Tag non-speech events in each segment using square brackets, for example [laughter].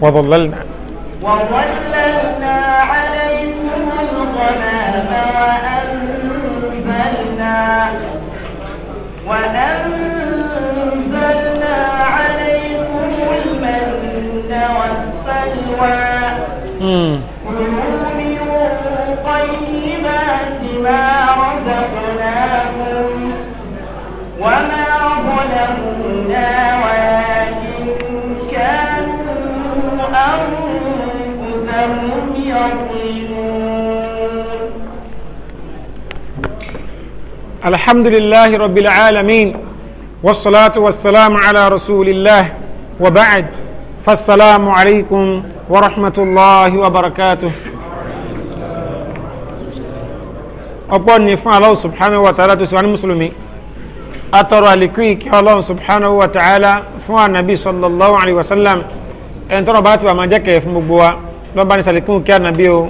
وظللنا وظللنا عليكم الغمام وأنزلنا وأنزلنا عليكم المن والسلوى كلوا من طيبات ما رزقناكم وما ظلمونا ولكن عظيمون الحمد لله رب العالمين والصلاة والسلام على رسول الله وبعد فالسلام عليكم ورحمة الله وبركاته ọgbọ́n ni fún Allah subhanahu wa ta'ala tó sọ ní mùsùlùmí atọrọ àlékún ìkẹ́ Allah subhanahu wa ta'ala fún ànàbí sallallahu alaihi wasallam ẹni tọrọ bá ti wà máa jẹ́kẹ̀ẹ́ fún gbogbo wa lọ bá ní sàlékún kí ànábí o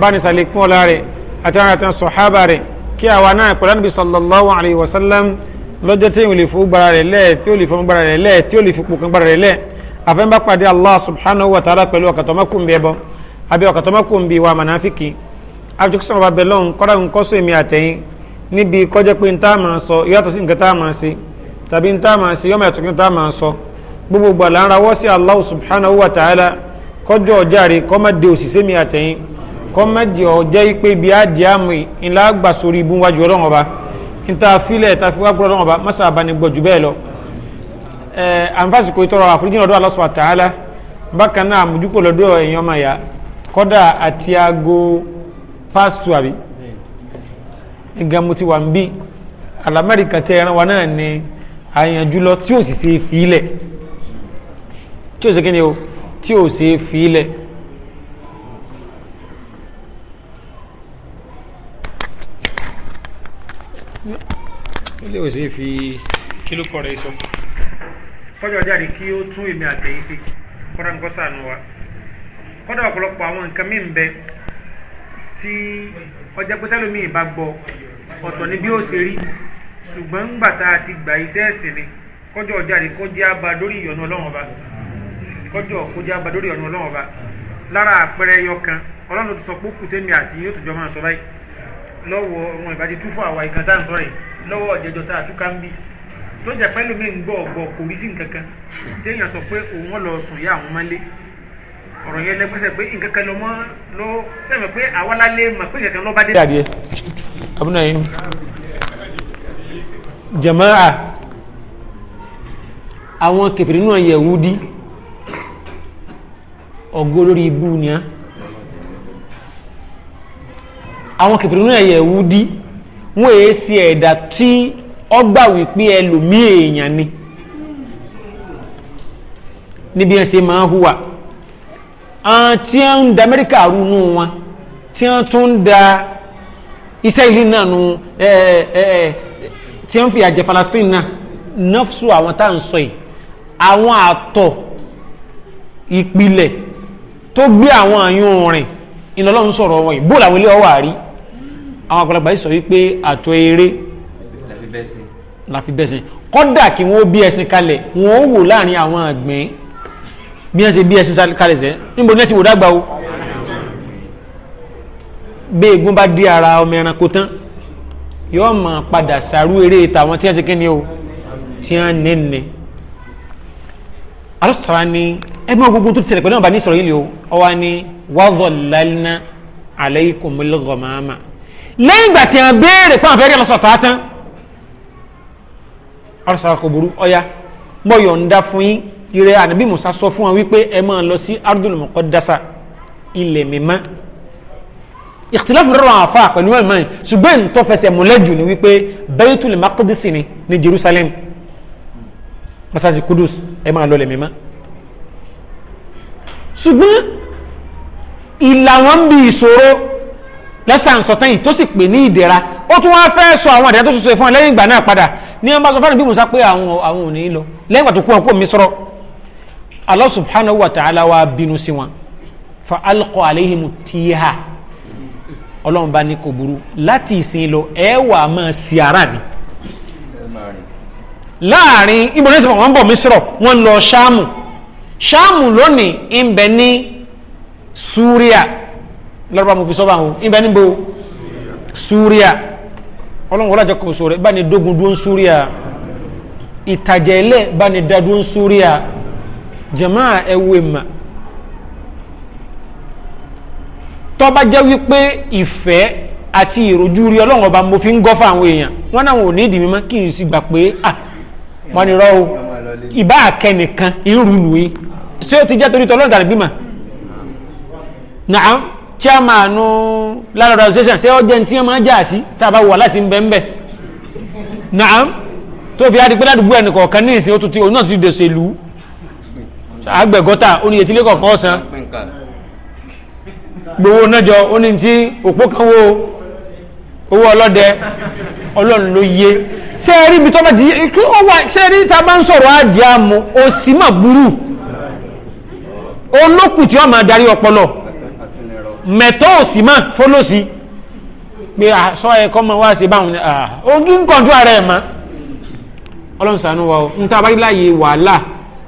bá ní sàlékún ọlá rẹ̀ àti àwọn àti sọhábà rẹ̀ kí àwa náà pẹ̀lú ànábí sallallahu alayhi wa sallam lọ́jọ́ tí yóò lè fowó gbára rẹ̀ lẹ tí yóò lè fowó gbára rẹ̀ lẹ tí yóò lè fipò kan gbára rẹ̀ lẹ àfẹnbá pàdé allah subhanahu wa ta'ala pẹ̀lú ọkàtọmọkùnbi ẹbọ àbí ọkàtọmọkùnbi wa mànáfíkì àbíjọkísọ̀rọ̀ bàbẹ lọ́hùn kọ́ra ń kọ́sọ̀ èmi àtẹ̀yìn níbi kọjá pé ń tá máa sọ yàtọ̀ sí nǹkan tá máa ṣe tàbí ń tá máa ṣe yọmọ ẹ̀tọ́ kí ń tá máa sọ gbogbo gbàlà ń rawọ́ sí allah subhanahu wa ta'ala kọjọ́ ọ̀járe kọ́mọ́dé òṣìṣẹ́ mi àtẹ̀yìn kọ́mọ́dé ọ̀jẹ́ pé ibi àjẹ́ àmì ńlá gbà sórí ibú wájú ọlọ́run ọba níta fílẹ̀ ta fi wá gbọ́dọ̀ ọlọ́run ọba mọ́sà abánigbọ̀ jù bẹ́ẹ̀ lọ. ẹ àǹfààsìkò ìtọrọ àforíjì lọ́dọ̀ Allah subhanahu wa ta'ala bákan náà àmójúkò lọ́dọ̀ èèyàn ọmọ ìyá kọ́dà àti aago pásítù àbí ìgbà wà ń bí alamẹ́ríkà tẹ ẹran wa náà ni àyànjú lọ tí ò sì tí ò kí ni o tí ò ṣe é filẹ̀ ilé ò ṣe é fi kílùkọ rẹ̀ sọ. kọjọ jáde kí ó tún èmi àtẹ̀yìn sí kọ́dà ń kọ́ sànù wa kọ́dà ọ̀pọ̀lọpọ̀ àwọn nǹkan mí ń bẹ tí ọjà pẹ́tẹ́lómi ìbá gbọ́ ọ̀tọ̀ ni bí ó ṣe rí ṣùgbọ́n ńgbà tá a ti gbà iṣẹ́ ẹ̀sìn ni kọjọ jáde kọjá bá lórí ìyọnu ọlọ́run ọba kọjọ kójá badori lórí ọ̀nà ọlọ́run ọba lára àpẹẹrẹ ẹyọ kan ọlọ́run ti sọ pé kù tèmi àti yóò tìjọ máa sọ báyìí lọ́wọ́ ọmọ ìbàdí tú fún àwa ìkan tá à ń sọ rẹ̀ lọ́wọ́ ọ̀jẹ̀jọ̀ tá a túká ń bí tó jẹ́ pẹ́lú mi ń gbọ́ ọ̀gbọ́ kò rí sí nǹkan kan téèyàn sọ pé òun lọ sùn yá àwọn mọ́lé ọ̀rọ̀ yẹn lẹ́gbẹ́sẹ̀ pé nǹkan kan lọ́mọ́ ló sẹ́mi pé àwa lálé mà pé nǹkan lọ́ba dé. abúlé yín jamaa àwọn kẹfìrínú Yẹhudi. ọgọ́ lórí ibú ni a àwọn kẹfìrí nínú ẹ̀yẹ̀ ẹ̀wú dí wọ́n èé sí ẹ̀dà tí ọ wípé ẹlòmí èèyàn ni níbi ẹ̀sẹ̀ máa ń hùwà tí ń da amerika rú wọn tí wọ́n tún ń da israeli náà nù tí wọ́n fi àjẹ Palestine náà nọ́fṣù àwọn tá à ń sọ yìí àwọn àtọ̀ tó gbé àwọn àyún rìn iná lọ́n sọ̀rọ̀ wọn ìbò làwọn ilé ọwọ́ àrí àwọn àgbàlagbà yìí sọ wípé àtọ eré la fi bẹ́sìn kọ́dà kí wọ́n bí ẹṣin kalẹ̀ wọ́n ó wò láàrin àwọn àgbẹ̀ bí wọ́n ṣe bí ẹṣin kalẹ̀ sẹ́ níbo ní ẹ ti wò dágbà o bí egun bá dí ara ọmọ ẹranko tán yóò máa padà sàrú eré tàwọn tí wọ́n ṣe kí ni o tí wọ́n nẹ́ni alásùtàrà ni ẹgbẹ́ gbogbo tó ti ṣẹlẹ̀ pẹ̀lú ọba ní Ísírẹ́lì o ọwa ni wadhallalna alaykumul ghamama lẹ́yìn ìgbà tí a béèrè pé àwọn fẹ́ẹ́ lọ́sọ̀ tó tán arúsàkà kò burú ọ̀ya mo yọ̀ǹda fún yín ìrẹ́ ànábì Mùsá sọ fún wa wípé ẹ máa lọ sí ardul muqaddasa ilẹ̀ mímá ìkìtìláfù rọrọ àwọn afa pẹ̀lú ẹ̀mọ́ yìí ṣùgbọ́n tó fẹsẹ̀ múlẹ̀ ni wípé Baytul Maqdis ni ní Jerusalem masasi kudus ẹ máa lọ lẹ̀ mímá ṣùgbọ́n ìlà wọn bí ìṣòro lẹ́sàǹsọ̀tán yìí tó sì pè ní ìdẹ̀ra ó tún wá fẹ́ sọ àwọn àdẹ́rẹ́ tó ṣoṣo fún ọ lẹ́yìn ìgbà náà padà ní ọmọ sọ fẹ́ràn bí musa pé àwọn àwọn ò ní lọ lẹ́yìn ìgbà kú wọn kó mi sọ̀rọ̀ Allah subhanahu wa ta'ala wa bínú sí wọn fa alqa aleihimu tiha ọlọ́run bá ní kò burú láti ìsìn lọ ẹ wà á máa si ara ni láàrin ibùdó ìsìn wọn bọ̀ mi sọ̀rọ̀ wọn lọ ṣáàmù ṣáàmù lónìí ń bẹ ní súríà lọ́rọ̀bá mo fi sọ́bà hùn ń bẹ níbo súríà ọlọ́run wọ́n lájọ kò sọ̀rọ̀ bá ní dógun dúró ń súríà ìtàjẹ̀ ilẹ̀ bá ní dá dúró ń súríà jẹ̀mọ́ ẹ̀wù èmà tọ́ba jẹ́ wípé ìfẹ́ àti ìrojú rí ọlọ́run ọba mo fi ń gọ́ fún èèyàn wọ́n náà wọn ní ìdí mímọ́ kí n sì gbà pé ah wọ́n ní rọ́ ìbá akẹnìkan irú nùí ṣé ó ti jẹ́ torí tọ́lọ́ ìdàrí bímọ naam chairman landlord association ṣé ó jẹ́ tí wọ́n máa jà sí tá a bá wà láti ń bẹ́ ń bẹ́ naam tó fi adi pé ládùúgbò ẹnì kọ̀ọ̀kan ní ìsìn òtútù òun náà ti dèsò ìlú àgbẹ̀gọ́ta oníyètí ilé kọ̀ọ̀kan ọ̀sán gbowó nájọ oní tí òpó kan wo owó ọlọ́dẹ ọlọ́run ló yé ṣé ẹ rí ibi tó bá ti kí ó wà ṣé ẹ rí ta bá ń sọ̀rọ̀ àjẹ àmọ́ òsì mà burú olókùn tí wọ́n máa darí ọpọlọ mẹ̀tọ́ òsì mà fọlọ́sì pé àṣọ ẹ̀kọ́ mọ̀ wá sí báwọn ogí ń kọjú ara ẹ̀ mọ́ ọlọ́run ṣàánú wa o ń ta bá láàyè wàhálà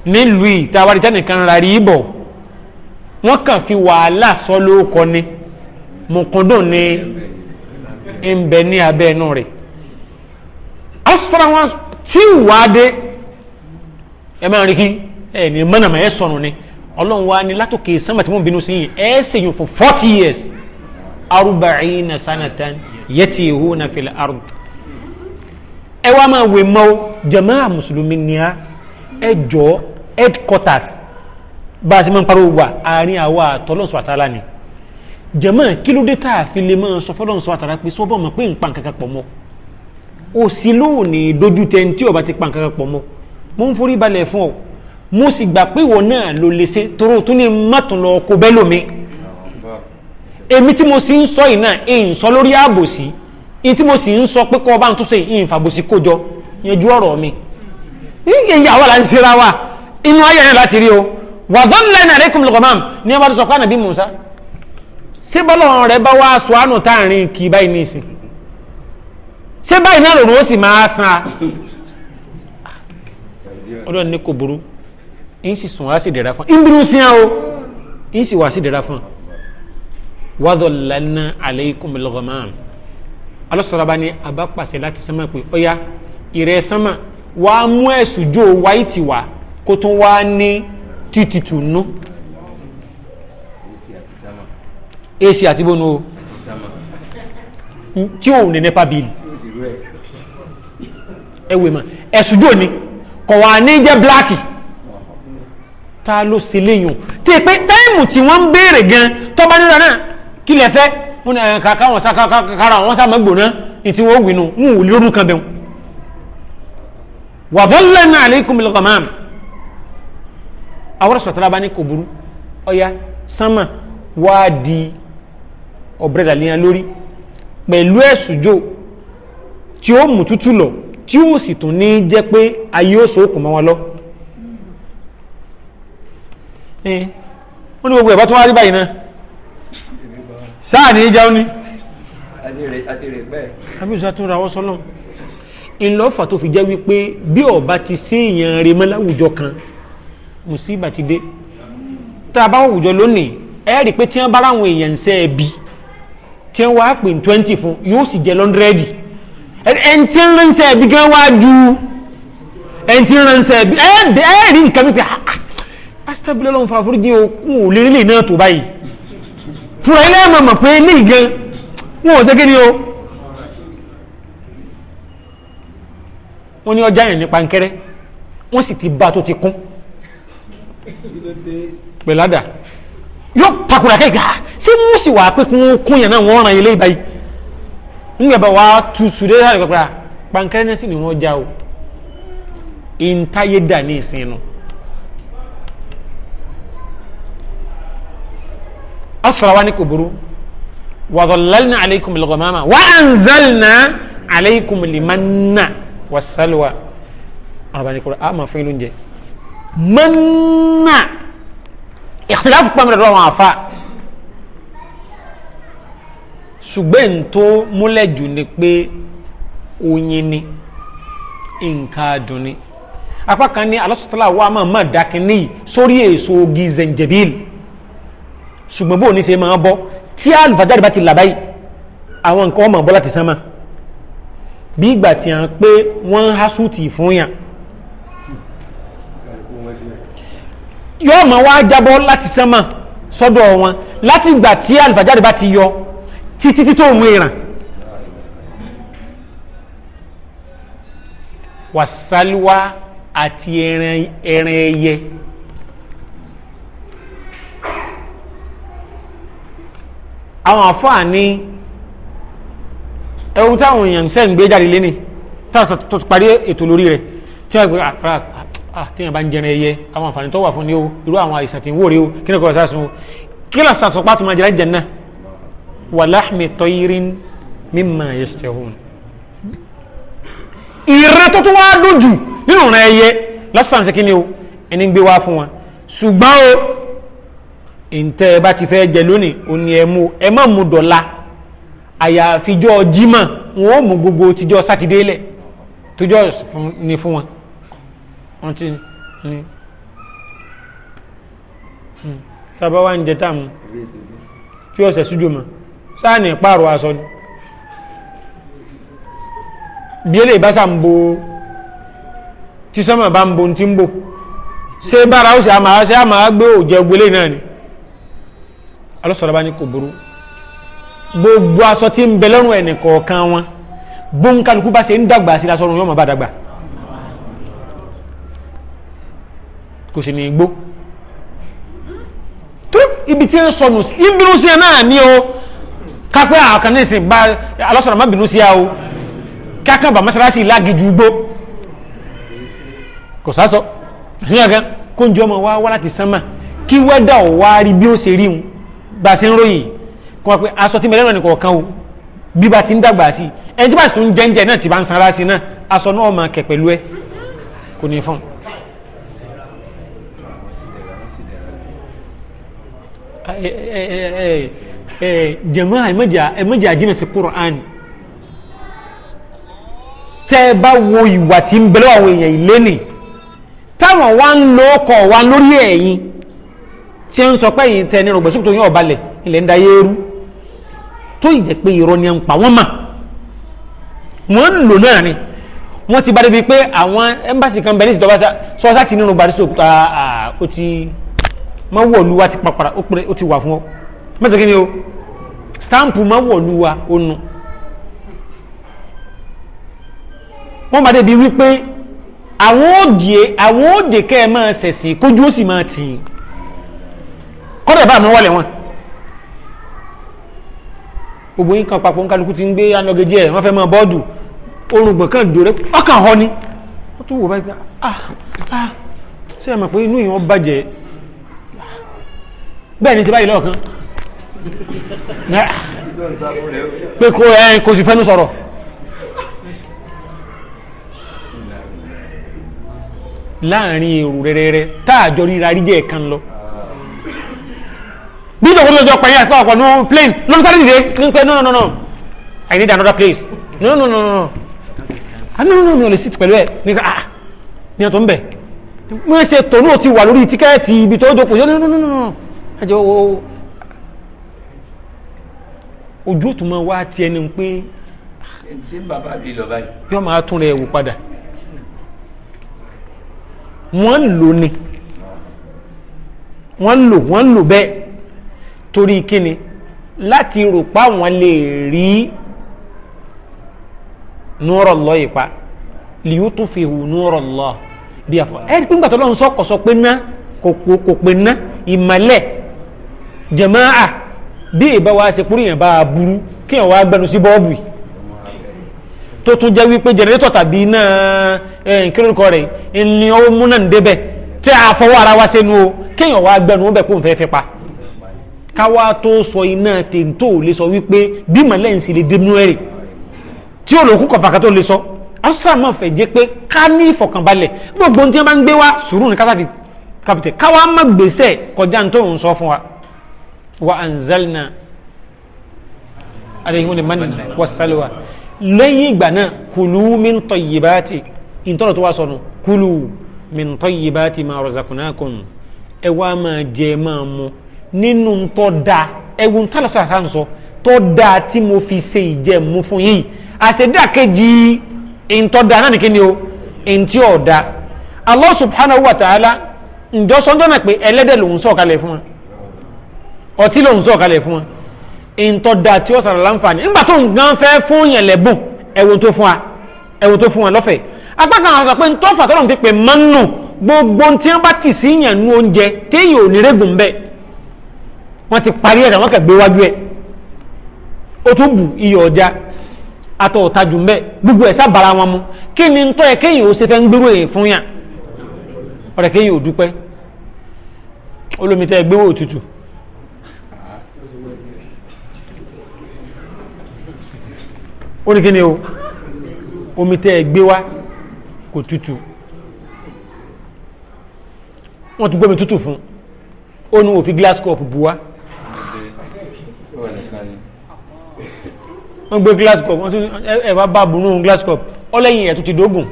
nílùú ìtawárí tẹ́nìkan rárí ibọ̀ wọ́n kàn fi wàhálà sọ lóko ni mọ̀kúndùn ni ń bẹ ní abẹ́ inú rẹ̀ asọ́ra wọn tí wàá dé ẹ máa rí kí ẹ ní mọ́nàmọ́ ẹ sọnù ni ọlọ́run wa ni látòkè sánmà tí wọ́n bínú sí yìí ẹ ṣèyàn for forty years arba'ina sanatan yatihuna fil ard ẹ wá máa wè mọ́ jamaa mùsùlùmí ni a ẹ jọ headquarters bá a ti máa ń pariwo wà àárín àwa àtọ́lọ́sọ àtàlà ni jamaa kí ló dé tá a fi lè máa sọ fọlọ́sọ àtàlà pé sọ́bọ̀ mọ̀ pé nǹkan kankan pọ̀ mọ́ òsì lóòní dojú tẹni tí ọba ti pa nǹkan kan pọ̀ mọ́ mo ń forí balẹ̀ fún ọ mo sì gbà pé ìwọ náà ló lè ṣe toró tún ní mọ́tún lọ kó bẹ́ lómi èmi tí mo sì ń sọ yìí náà èyí ń sọ lórí ààbòsí èyí tí mo sì ń sọ pé kọ́ ọba ń tún ṣe èyí ń fàbòsí kó jọ yanjú ọ̀rọ̀ mi ìyá wa là ń ṣe ra wa inú ayé yẹn láti rí o wàdán lẹ́nu àrékùn lọ́gọ́mọ́m ní ọba tó sọ pé ànàbí Musa ṣé bọ́lọ́run rẹ bá wá aṣọ àánú táàrin kì í báyìí ní ìsìn ṣé báyìí náà lòun ó sì máa san ọlọ́run ní kò burú ń sì sùn wá sí ìdẹ̀ra fún un ìbínú sí àwọn ń sì wá sí ìdẹ̀ra fún un wàdọ̀ lana aleikum lọ́gọ́mọ́ alọ́sọ̀rọ̀ bá ní abápàṣẹ láti sánmà pé ọ̀yá ìrẹ́ sánmà wà á mú ẹ̀sùn jó wáyé ti wà kó tún wá ní títìtù nú. èsì àti bónú o tí òun ní nípa bíi ẹwẹ ma ẹ̀sùjò ni kọ̀ wà ní jẹ́ bíláàkì ta ló ṣe léyìn tí pé táìmù tí wọ́n ń béèrè gan tọ́ba nílò náà kí lẹ fẹ́ wọn ni ẹ̀ka káwọn sá wọn sá mọ́ gbòná ìtí wọn ó wìnú wọn ò lérò kan bẹ́ẹ̀ wà dhallalna alaykum al-ghamam àwọn sọ̀tàlá bá ní kò burú ọ̀ya sánmà wá di ọ̀bẹ̀rẹ̀dàlẹ́yìn lórí pẹ̀lú ẹ̀sùjò tí ó mú tútù lọ tí ó sì tún ní jẹ́ pé ayé ó sòókùn mọ́ wọn lọ wọ́n ní gbogbo ẹ̀bọ́ tó wá rí báyìí náà sáà ní jẹun ni abíyùsá tún ra wọ́sọ́ náà ìlọ́fà tó fi jẹ́ wípé bí ọba ti sí èèyàn rẹ̀ mọ́ láwùjọ kan mùsíbà ti dé tá a bá wùjọ lónìí ẹ rí i pé tí wọ́n bá ráwọn èèyàn ń sẹ́ ẹbí tí wọ́n wá pè ní twenty fún yóò sì jẹ́ lọ́ndrẹ́dì ẹn tí ń ránṣẹ́ bí gan wájú ẹn tí ń ránṣẹ́ bí ẹ rí nǹkan mi pé ah, ah, astabilẹ̀ lọ́n fa fúrúgin okun ò lè nílé náà tó báyìí fúra ilé ẹ̀ mọ̀mọ̀ pé ní ìgan wọn ò ṣe ni o wọ́n ní ọjà yẹn ní pankẹ́rẹ́ wọ́n sì ti bá tó ti kún pẹ̀ládà yóò pakùrà kẹ́gà ah, ṣé wọ́n sì wà pé kún yẹn náà wọ́n ràn ilé báyìí ńgbẹ̀bẹ̀ wàá tutù dé sáré pẹ̀pẹ́ pankẹ́rẹ́ náà sì ni wọ́n já o ìntayé dà ní ìsìn nu. asọ̀rọ̀ wa ní kò burú aleikum lọ́gọ̀mọ́mà wà á aleikum limanna wà sálùwà ọ̀rọ̀bà ní kúrò àmà fún ilé oúnjẹ manna ìkìláfù pàmìlẹ̀ lọ́wọ́ àfa ṣùgbọ́n tó múlẹ̀ jù ni pé oyin ni nǹkan adùn ni apá kan ní alásùtàlá wa máa máa dákínní sórí èso ogi zenjabil ṣùgbọ́n bó o ní ṣe máa bọ́ tí alùfàjáde bá ti là báyìí àwọn nǹkan ọmọ bọ́lá ti sánmà bí ìgbà tí à ń pé wọ́n ń há fún yàn yóò máa wá jábọ́ láti sánmà sọ́dọ̀ wọn láti ìgbà tí alùfàjáde bá ti yọ títí tí tó mú ìràn wàsálíwá àti ẹran ẹyẹ àwọn àfáà ní ẹwù táwọn èèyàn sẹ́ ń gbé jáde lé ní tó ti parí ètò lórí rẹ̀ tí wọ́n gbé àtìyàn ah, ah, ah, bá ń jẹran ẹyẹ àwọn àǹfààní tó wà fún ní o irú àwọn àìsàn tí ń wò rí o kí ni kò sásùn o kí lọ sàtọ̀pá tó máa jẹ́ jẹ náà wàláhìmì tọ́yírín mímọ̀ yẹ́sítẹ̀hún ìrẹ́ tó tún wá dùn jù nínú rẹ̀ ẹyẹ lásán sí kíni o ẹni gbé wá fún wọn ṣùgbọ́n o ìǹtẹ́ ẹ bá ti fẹ́ jẹ lónìí o ní ẹ mú ẹ má mú dọ̀la àyàfijọ́ jímọ̀ wọn ò mú gbogbo tíjọ́ sátidé lẹ̀ tójọ́ ni fún wọn wọn ti ní sábà hmm. hmm. wá ń jẹ táàmù tí ọ̀sẹ̀ sújò mọ́ sáàni pààrọ̀ aṣọ ni bí eléyìí bá sàn bo tí sọ́mọ̀ bá ń bo ti ń bò ṣé bára ó sì àmà ṣe àmà gbé òjẹ́ ògbélé náà ni alọ́sọ̀rọ̀ bá ní kò burú gbogbo aṣọ tí ń bẹ lọ́rùn ẹnì kọ̀ọ̀kan wọn bóńkálukú bá ṣe ń dàgbà sí lásọ̀rùn yóò máa bá dàgbà kò sì ní igbó tó ibi tí ń sọnù ìbínú náà ní o kápẹ́ àkànní ìsìn bá alọ́sọ̀rọ̀ má bínú sí a o kákan bá mọ́sálásí lágìjú gbó kò sásọ ìyá kan kó ń jọ ọmọ wa wá láti sánmà kí wẹ́dà ò wá rí bí ó ṣe rí un bá a ṣe ń ròyìn kó wá pé aṣọ tí mẹlẹ́rọ̀ nìkan kan o bí ba ti ń dàgbà sí ẹni tí bá sì tún jẹ́ńjẹ́ náà ti bá ń sanra sí náà aṣọ náà máa kẹ̀ pẹ̀lú ẹ kò ní fún un. ẹ ẹ ẹ Eh, jama'a ẹ mẹ́jà jìnnà sí Qur'an tẹ́ ẹ bá wo ìwà tí ń bẹ̀rẹ̀ àwọn èèyàn ilé nì táwọn wá ń lo ọkọ̀ wa lórí ẹ̀yìn tí ń sọ pé ẹ̀yìn tẹ ní rògbòsókò tó yín ọ̀balẹ̀ ilẹ̀ ń da yéérú tó ìjẹ́ pé irọ́ ni ń pa wọ́n mà wọ́n ń lò náà ni wọ́n ti bá débi pé àwọn ẹ́mbàsì kan bẹ̀rẹ̀ ìsìtọ́ sọ́ọ́sà ti nínú gbàdúsọ̀ ó ti mọ́wọ́ olúwa ti papara ó ti wà fún ọ mẹ́sàn-án kí ni o stamp ma wọ̀lú wa ó nu wọ́n bá débi wípé àwọn òdìé àwọn òdè kẹ́ ẹ máa ṣẹ̀sìn kójú ó sì máa tì í kọ́dọ̀ ẹ̀ bá àmọ́ wọlé wọn gbogbo yín kan papọ̀ nkálukú ti ń gbé anọgẹjẹ ẹ̀ wọ́n fẹ́ máa bọ́ọ̀dù orun gbọ̀ngàn dòrẹ́ ọkàn họ ni wọ́n tún wò báyìí ah ah ṣé ẹ mọ̀ pé inú yìí wọ́n bàjẹ́ bẹ́ẹ̀ ni ṣe báyìí lọ́ọ̀kan pé kò ẹ kò sì fẹ́nu sọ̀rọ̀ láàrin èrò rẹ̀rẹ̀rẹ̀ táàjọ ríra rí jẹ́ ẹ̀kan lọ bí ìdòkó tó jọ pẹ̀yìn àti pàpọ̀ ní plane ló ń sáré dìde ní pé no no no no I need another place no no no no no ah, no no. ò lè sit pẹ̀lú ẹ̀ ní ká ah ní ọ̀tọ̀ ń bẹ̀ mo ṣe tòun ò ti wà lórí tíkẹ́ẹ̀tì ibi tó jókòó no no no no no àjọ wo ojú òtún máa wá ti ẹni pé ṣé bàbá rí lọ báyìí yóò máa tún rẹ̀ wò padà wọ́n ń lò ní wọ́n ń lò wọ́n ń lò bẹ́ẹ̀ torí kíni láti rò pa wọ́n lè rí nùrọ̀ lọ ìpa lìyó tó fi hù nùrọ̀ lọ bí afọ ẹ ẹ nígbà lọ́n sọ kọ̀ pé ná kò pé ná ìmọ̀lẹ̀ jẹ̀máà bí ìbá wa ṣe kúrò yẹn bá a burú kí yẹn wá gbẹnu sí bọ́ọ̀bù yìí tó tún jẹ́ wípé jẹnẹrétọ̀ tàbí iná kírórúkọ rẹ̀ ni ó múnà ń débẹ̀ tí a fọwọ́ ara wa sẹ́nu o kí yẹn wá gbẹnu bẹ̀ kó n fẹ́ fi pa káwá tó sọ iná tèntò lè sọ wípé bí màlẹ́ ń sì lè dé nú ẹ̀rì tí olùkú kọ̀ọ̀fà tó lè sọ asra ma fẹ́ jẹ́ pé ká ní ìfọ̀kànbalẹ̀ gbogbo ohun tí wọ́n bá ń gbé wá sùúrù ní káfíńtẹ̀ káwá má gbèsè kọjá ní tó ń sọ fún wa wa anzalna alayhi wani man wasalwa lẹ́yìn ìgbà náà kulu min tayyibati ìtọ́rọ̀ tó wá sọnù kulu min tayyibati ma razaqnakum ẹ wá máa jẹ máa mu nínú tọ́ da ẹwù ń tálọ̀ sàtà ń sọ tọ́ da tí mo fi ṣe ìjẹ mu fún yìí àṣẹdá kejì ìtọ́ náà nìkan ni o ìntí ọ̀dà Allah subhanahu wa ta'ala ǹjọ́ sọ́njọ́ náà pé ẹlẹ́dẹ̀ lòún sọ̀kalẹ̀ fún wa ọtí lòun sọ kalẹ̀ fún wọn ntọ́ da tí ó sàrọ̀ láǹfààní nígbà tó ń gan fẹ́ fún yẹn lẹ́bùn ẹ̀wò tó fún wa ẹ̀wò tó fún wọn lọ́fẹ̀ẹ́ apá kan àwọn sọ pé ntọ́ fàtọ́ lòun fi pè mọ́nù gbogbo tí wọn bá tì sí yẹn nu oúnjẹ téèyàn ò ní rẹ́gùn bẹ́ẹ̀ wọ́n ti parí ẹ̀ àwọn kẹgbẹ́ wájú ẹ̀ ó tún bù iyọ̀ ọjà atọ̀ ọ̀tajù mbẹ́ gbogbo ẹ̀ sábàra wọn mu kí ni ntọ́ yẹ kéèyàn ó ṣe fẹ́ ń gbérò yẹn fún yàn ọ̀rẹ́ kéèyàn ò dúpẹ́ olómi tẹ́ gbéwò òtútù ó ní kíni o omi tẹ́ ẹ gbé wá kò tútù wọ́n tún gbómi tútù fún ó nu òfin glass cup bu wá wọ́n gbé glass cup wọ́n tún ẹ wá bá bunú glass cup ọlẹ́yìn ẹ̀ tún ti dógùn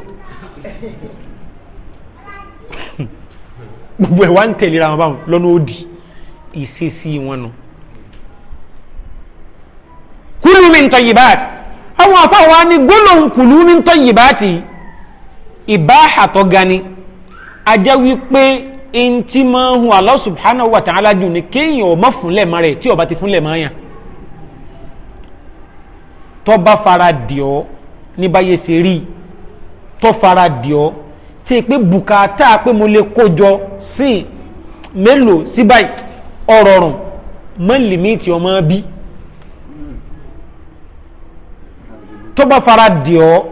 gbogbo ẹ̀ wá ń tẹ̀lera wọn báwọn lọ́nà òdì ìṣesí wọn nu kúlù min tayyibat àwọn afáwa ni gbólóhùn kùlú mi ń tọ́ yìí bá ti ìbáhà tó ga ni ajẹ́ wípé ntí máa ń hun Allah subhanahu wa ta'ala jù ní kéèyàn ọmọ fúnlẹ̀ mọ́ rẹ̀ tí ọba ti fúnlẹ̀ mọ́ yàn tó bá fara dì ọ́ ní báyé ṣe rí tó fara dì tí pé bùkátà pé mo lè kójọ sí mélòó sí báyìí ọ̀rọ̀ mọ́ lìmíìtì ọmọ bíi tó bá fara dì ọ́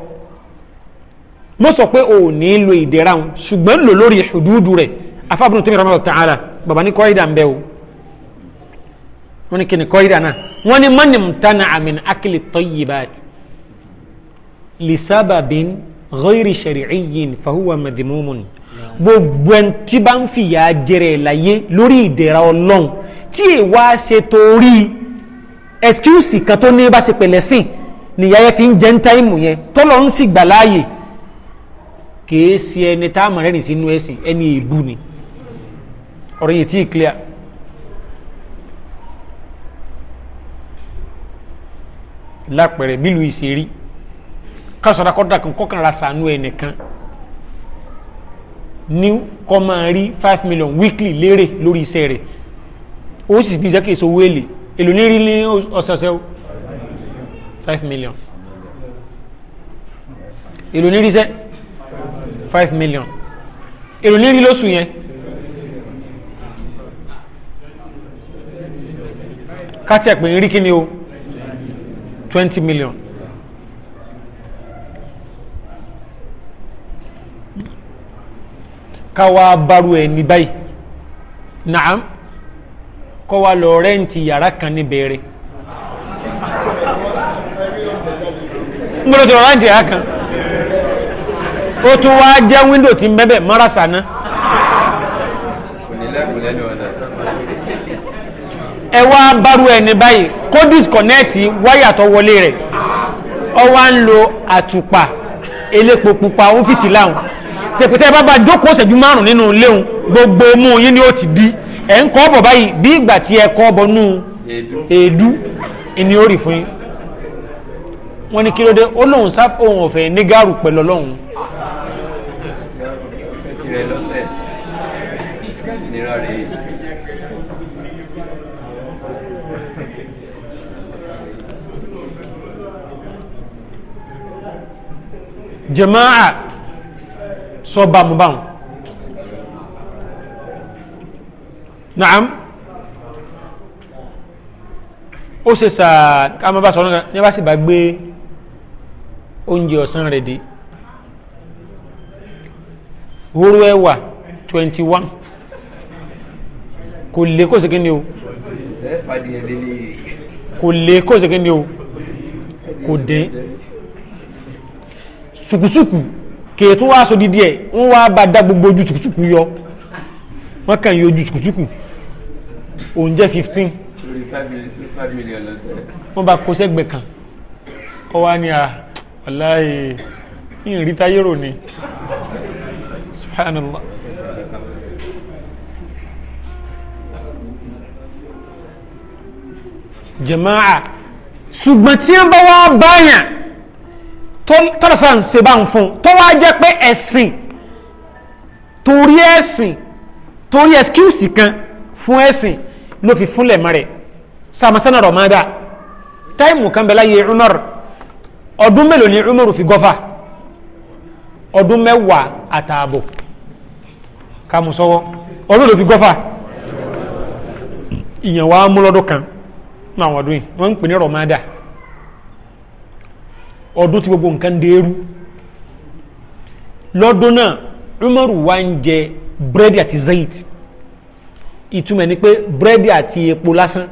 mo sọ pé o ò ní lo ìdẹ̀ra wọn ṣùgbọ́n lò lórí ìdúdú rẹ̀ afábùnú tómi rahmanu ta'ala baba ní kọ́ídà ń bẹ́ o wọ́n ní kíni kọ́ídà náà wọ́n ní mọ́ni mutana amin akili tọ́yìbáàtì lisababin ghairi shari'iyyin fahuwa madhimumun gbogbo ẹni bá ń fìyà jẹrẹ láyé lórí ìdẹ̀ra ọlọ́run tí èèwà ṣe torí ẹ̀skúùsì kan tó ní bá ṣe pẹ̀lẹ́sìn nìyáyẹ fi ń jẹ́ ń táìmù yẹn tọ́lọ̀ ń sì gbà láàyè kìí ṣe ẹni tá a mọ̀ rẹ́rìn sínú ẹ̀sìn ẹni ìbú ni ọ̀rọ̀ yìí tí ì clear. lápẹ̀rẹ̀ bílù ìṣèrí kásọ̀rọ̀ akọ́dà kan kọ́kànlá sànú ẹnìkan ní kọ́ máa rí five million weekly lérè lórí iṣẹ́ rẹ̀ ó sì fi ìṣẹ́kẹ̀ ìṣòwò èlé èlò ní rí ní ọ̀sẹ̀ọ̀sẹ̀ o five million èlò ní ríṣẹ́ five million èlò ní rí lóṣù yẹn káti ẹ̀pẹ̀ ń rí kí ni o twenty million káwa bárú ẹ̀ ní báyìí naam kọ́ wa lọ rẹ́ǹtì yàrá kan ní bẹ̀rẹ̀ mgbe tó ọ̀ráǹtì yà kan ó tún wá jẹ́ wíńdò tí mẹ́bẹ̀ mọ́rasà ná. ẹ wá bárú ẹni báyìí kó disconnect wáyà tó wọlé rẹ̀ ọ wá ń lo àtùpà elépo pupa ó fìtìlà wọn tẹ̀pẹ̀tẹ̀ marun ninu jókòó gbogbo mú yín ni ó ti di ń kọ́ bọ̀ báyìí bí ìgbà tí ẹ kọ́ bọ̀ wọ́n ní kí ló dé ó lóun sá òun ọ̀fẹ́ nígàrú pẹ̀lú ọlọ́run. jamaa sọ bàmùbàmù naam ó ṣe sàá ká má bá sọ ọ́ ní bá sì bá gbé oúnjẹ ọ̀sán rẹ̀ dé hóró ẹwà one. kò lè kó sèké ni o kò lè kó sèké ni o kò dé sùkùsùkù kèétún wá aṣọ dídí ẹ̀ wọ́n wá bá dá gbogbo ojú sùkùsùkù yọ wọ́n kàn yí ojú sùkùsùkù oúnjẹ 15 wọ́n bá kó sẹ́gbẹ̀ kan ọwá ni a. Ah, wàláyé yìí rí táyé rò ní subhanallah jama'a ṣùgbọ́n tí wọ́n bá wá báyàn tọ́lọ́sà ń ṣe bá ń fún tó wá jẹ́ pé ẹ̀sìn torí ẹ̀sìn torí ẹ̀skíùsì kan fún ẹ̀sìn ló fi fúnlẹ̀ mọ́ rẹ̀ rọ̀ máa dá táìmù kan bẹ̀ láyé ọdún mélòó ni umaru fi gọ́fà ọdún mẹ́wàá àtààbò kàmùsọ́wọ́ ọdún ló fi gọ́fà ìyẹn wàá mú lọ́dún kan náà àwọn ọdún yìí wọ́n ń pè ní rọ̀mádà ọdún tí gbogbo nǹkan dẹ́rú lọ́dún náà umaru wá ń jẹ búrẹ́dì àti zayit ìtumọ̀ ni pé búrẹ́dì àti epo lásán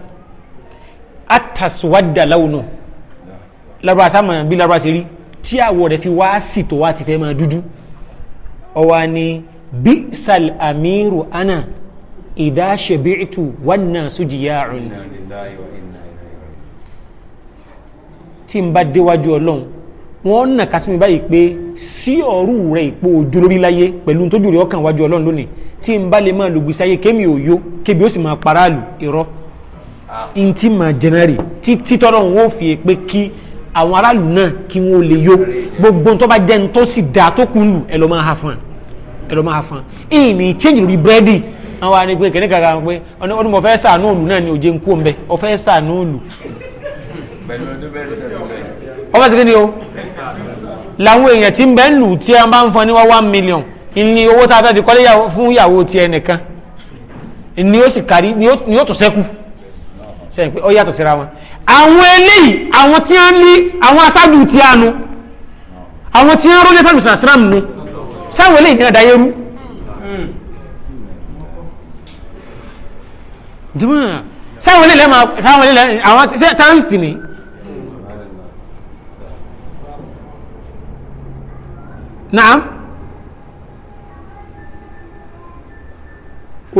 atasuwada láwùnú. No lábàá sámà bí lábàá ṣe rí tí àwọ̀ rẹ̀ fi wá sì tó wá ti fẹ́ máa dúdú ọwọ́ ni bí sal amiru ana ìdá ṣẹ̀bìtù wánà sójìyà ọ̀run tí n bá déwájú ọlọ́run wọ́n nà kásìmí báyìí pé sí ọ̀rú rẹ̀ ìpò òjò lórí láyé pẹ̀lú tójú rẹ̀ ọkàn wájú ọlọ́run lónìí tí n bá lè máa lògbì sáyé kémi ò kébi ó sì máa paráàlú irọ́ ah. ntí máa jẹnẹrì títọ́rọ̀ wọn ò fi pé kí àwọn aráàlú náà kí wọn ò lè yó gbogbo tó bá jẹ ní tó sì dá tó kún lù ẹ lọ́ máa ha fún ẹ lọ́ máa ha fún ẹ ìní change lórí búrẹ́dì àwọn àni pé kankan pé ọdún mọ̀ òlù náà ni òjé ń kó mbẹ ọfẹ́ ti o làwọn èèyàn ń ń lù tí a fún ìyàwó ti ni ó sì ni ó tún sẹ́kù sẹ́yìn àwọn eléyìí àwọn tí wọ́n ní àwọn aṣáájú ti àánú àwọn tí wọ́n rólé fẹ́mi sàásìrám nu sáwọn eléyìí ní àdáyérú sáwọn eléyìí lẹ́mọ̀ sáwọn eléyìí àwọn tí táǹsì ni naam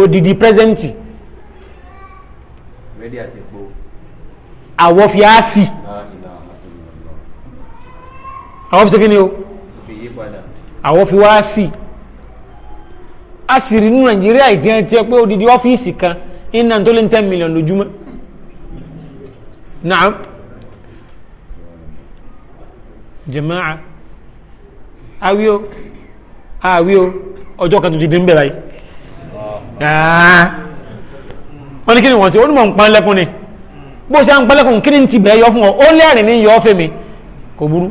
odidi pẹ́sẹ́ntì. ready at it àwọ̀ fi á sì àwọ̀ fi ṣe kí ni o àwọ̀ fi wá sí a sì rí nínú nàìjíríà ìdíyàn tí ẹ pé odidi ọ́fíìsì kan iná tó lé ní million lójúmọ́ naam jama'a awio awio ọjọ́ kan tó ti dín bẹ̀rẹ̀ yìí wọ́n ní kí ni wọ́n ti ó ní mọ̀ lẹ́kùn ni bó ṣe à ń gbálẹ́kùn kí ni ti bẹ̀ẹ́ yọ fún ọ ó lẹ́rìn ní yọ fẹ́mi kò burú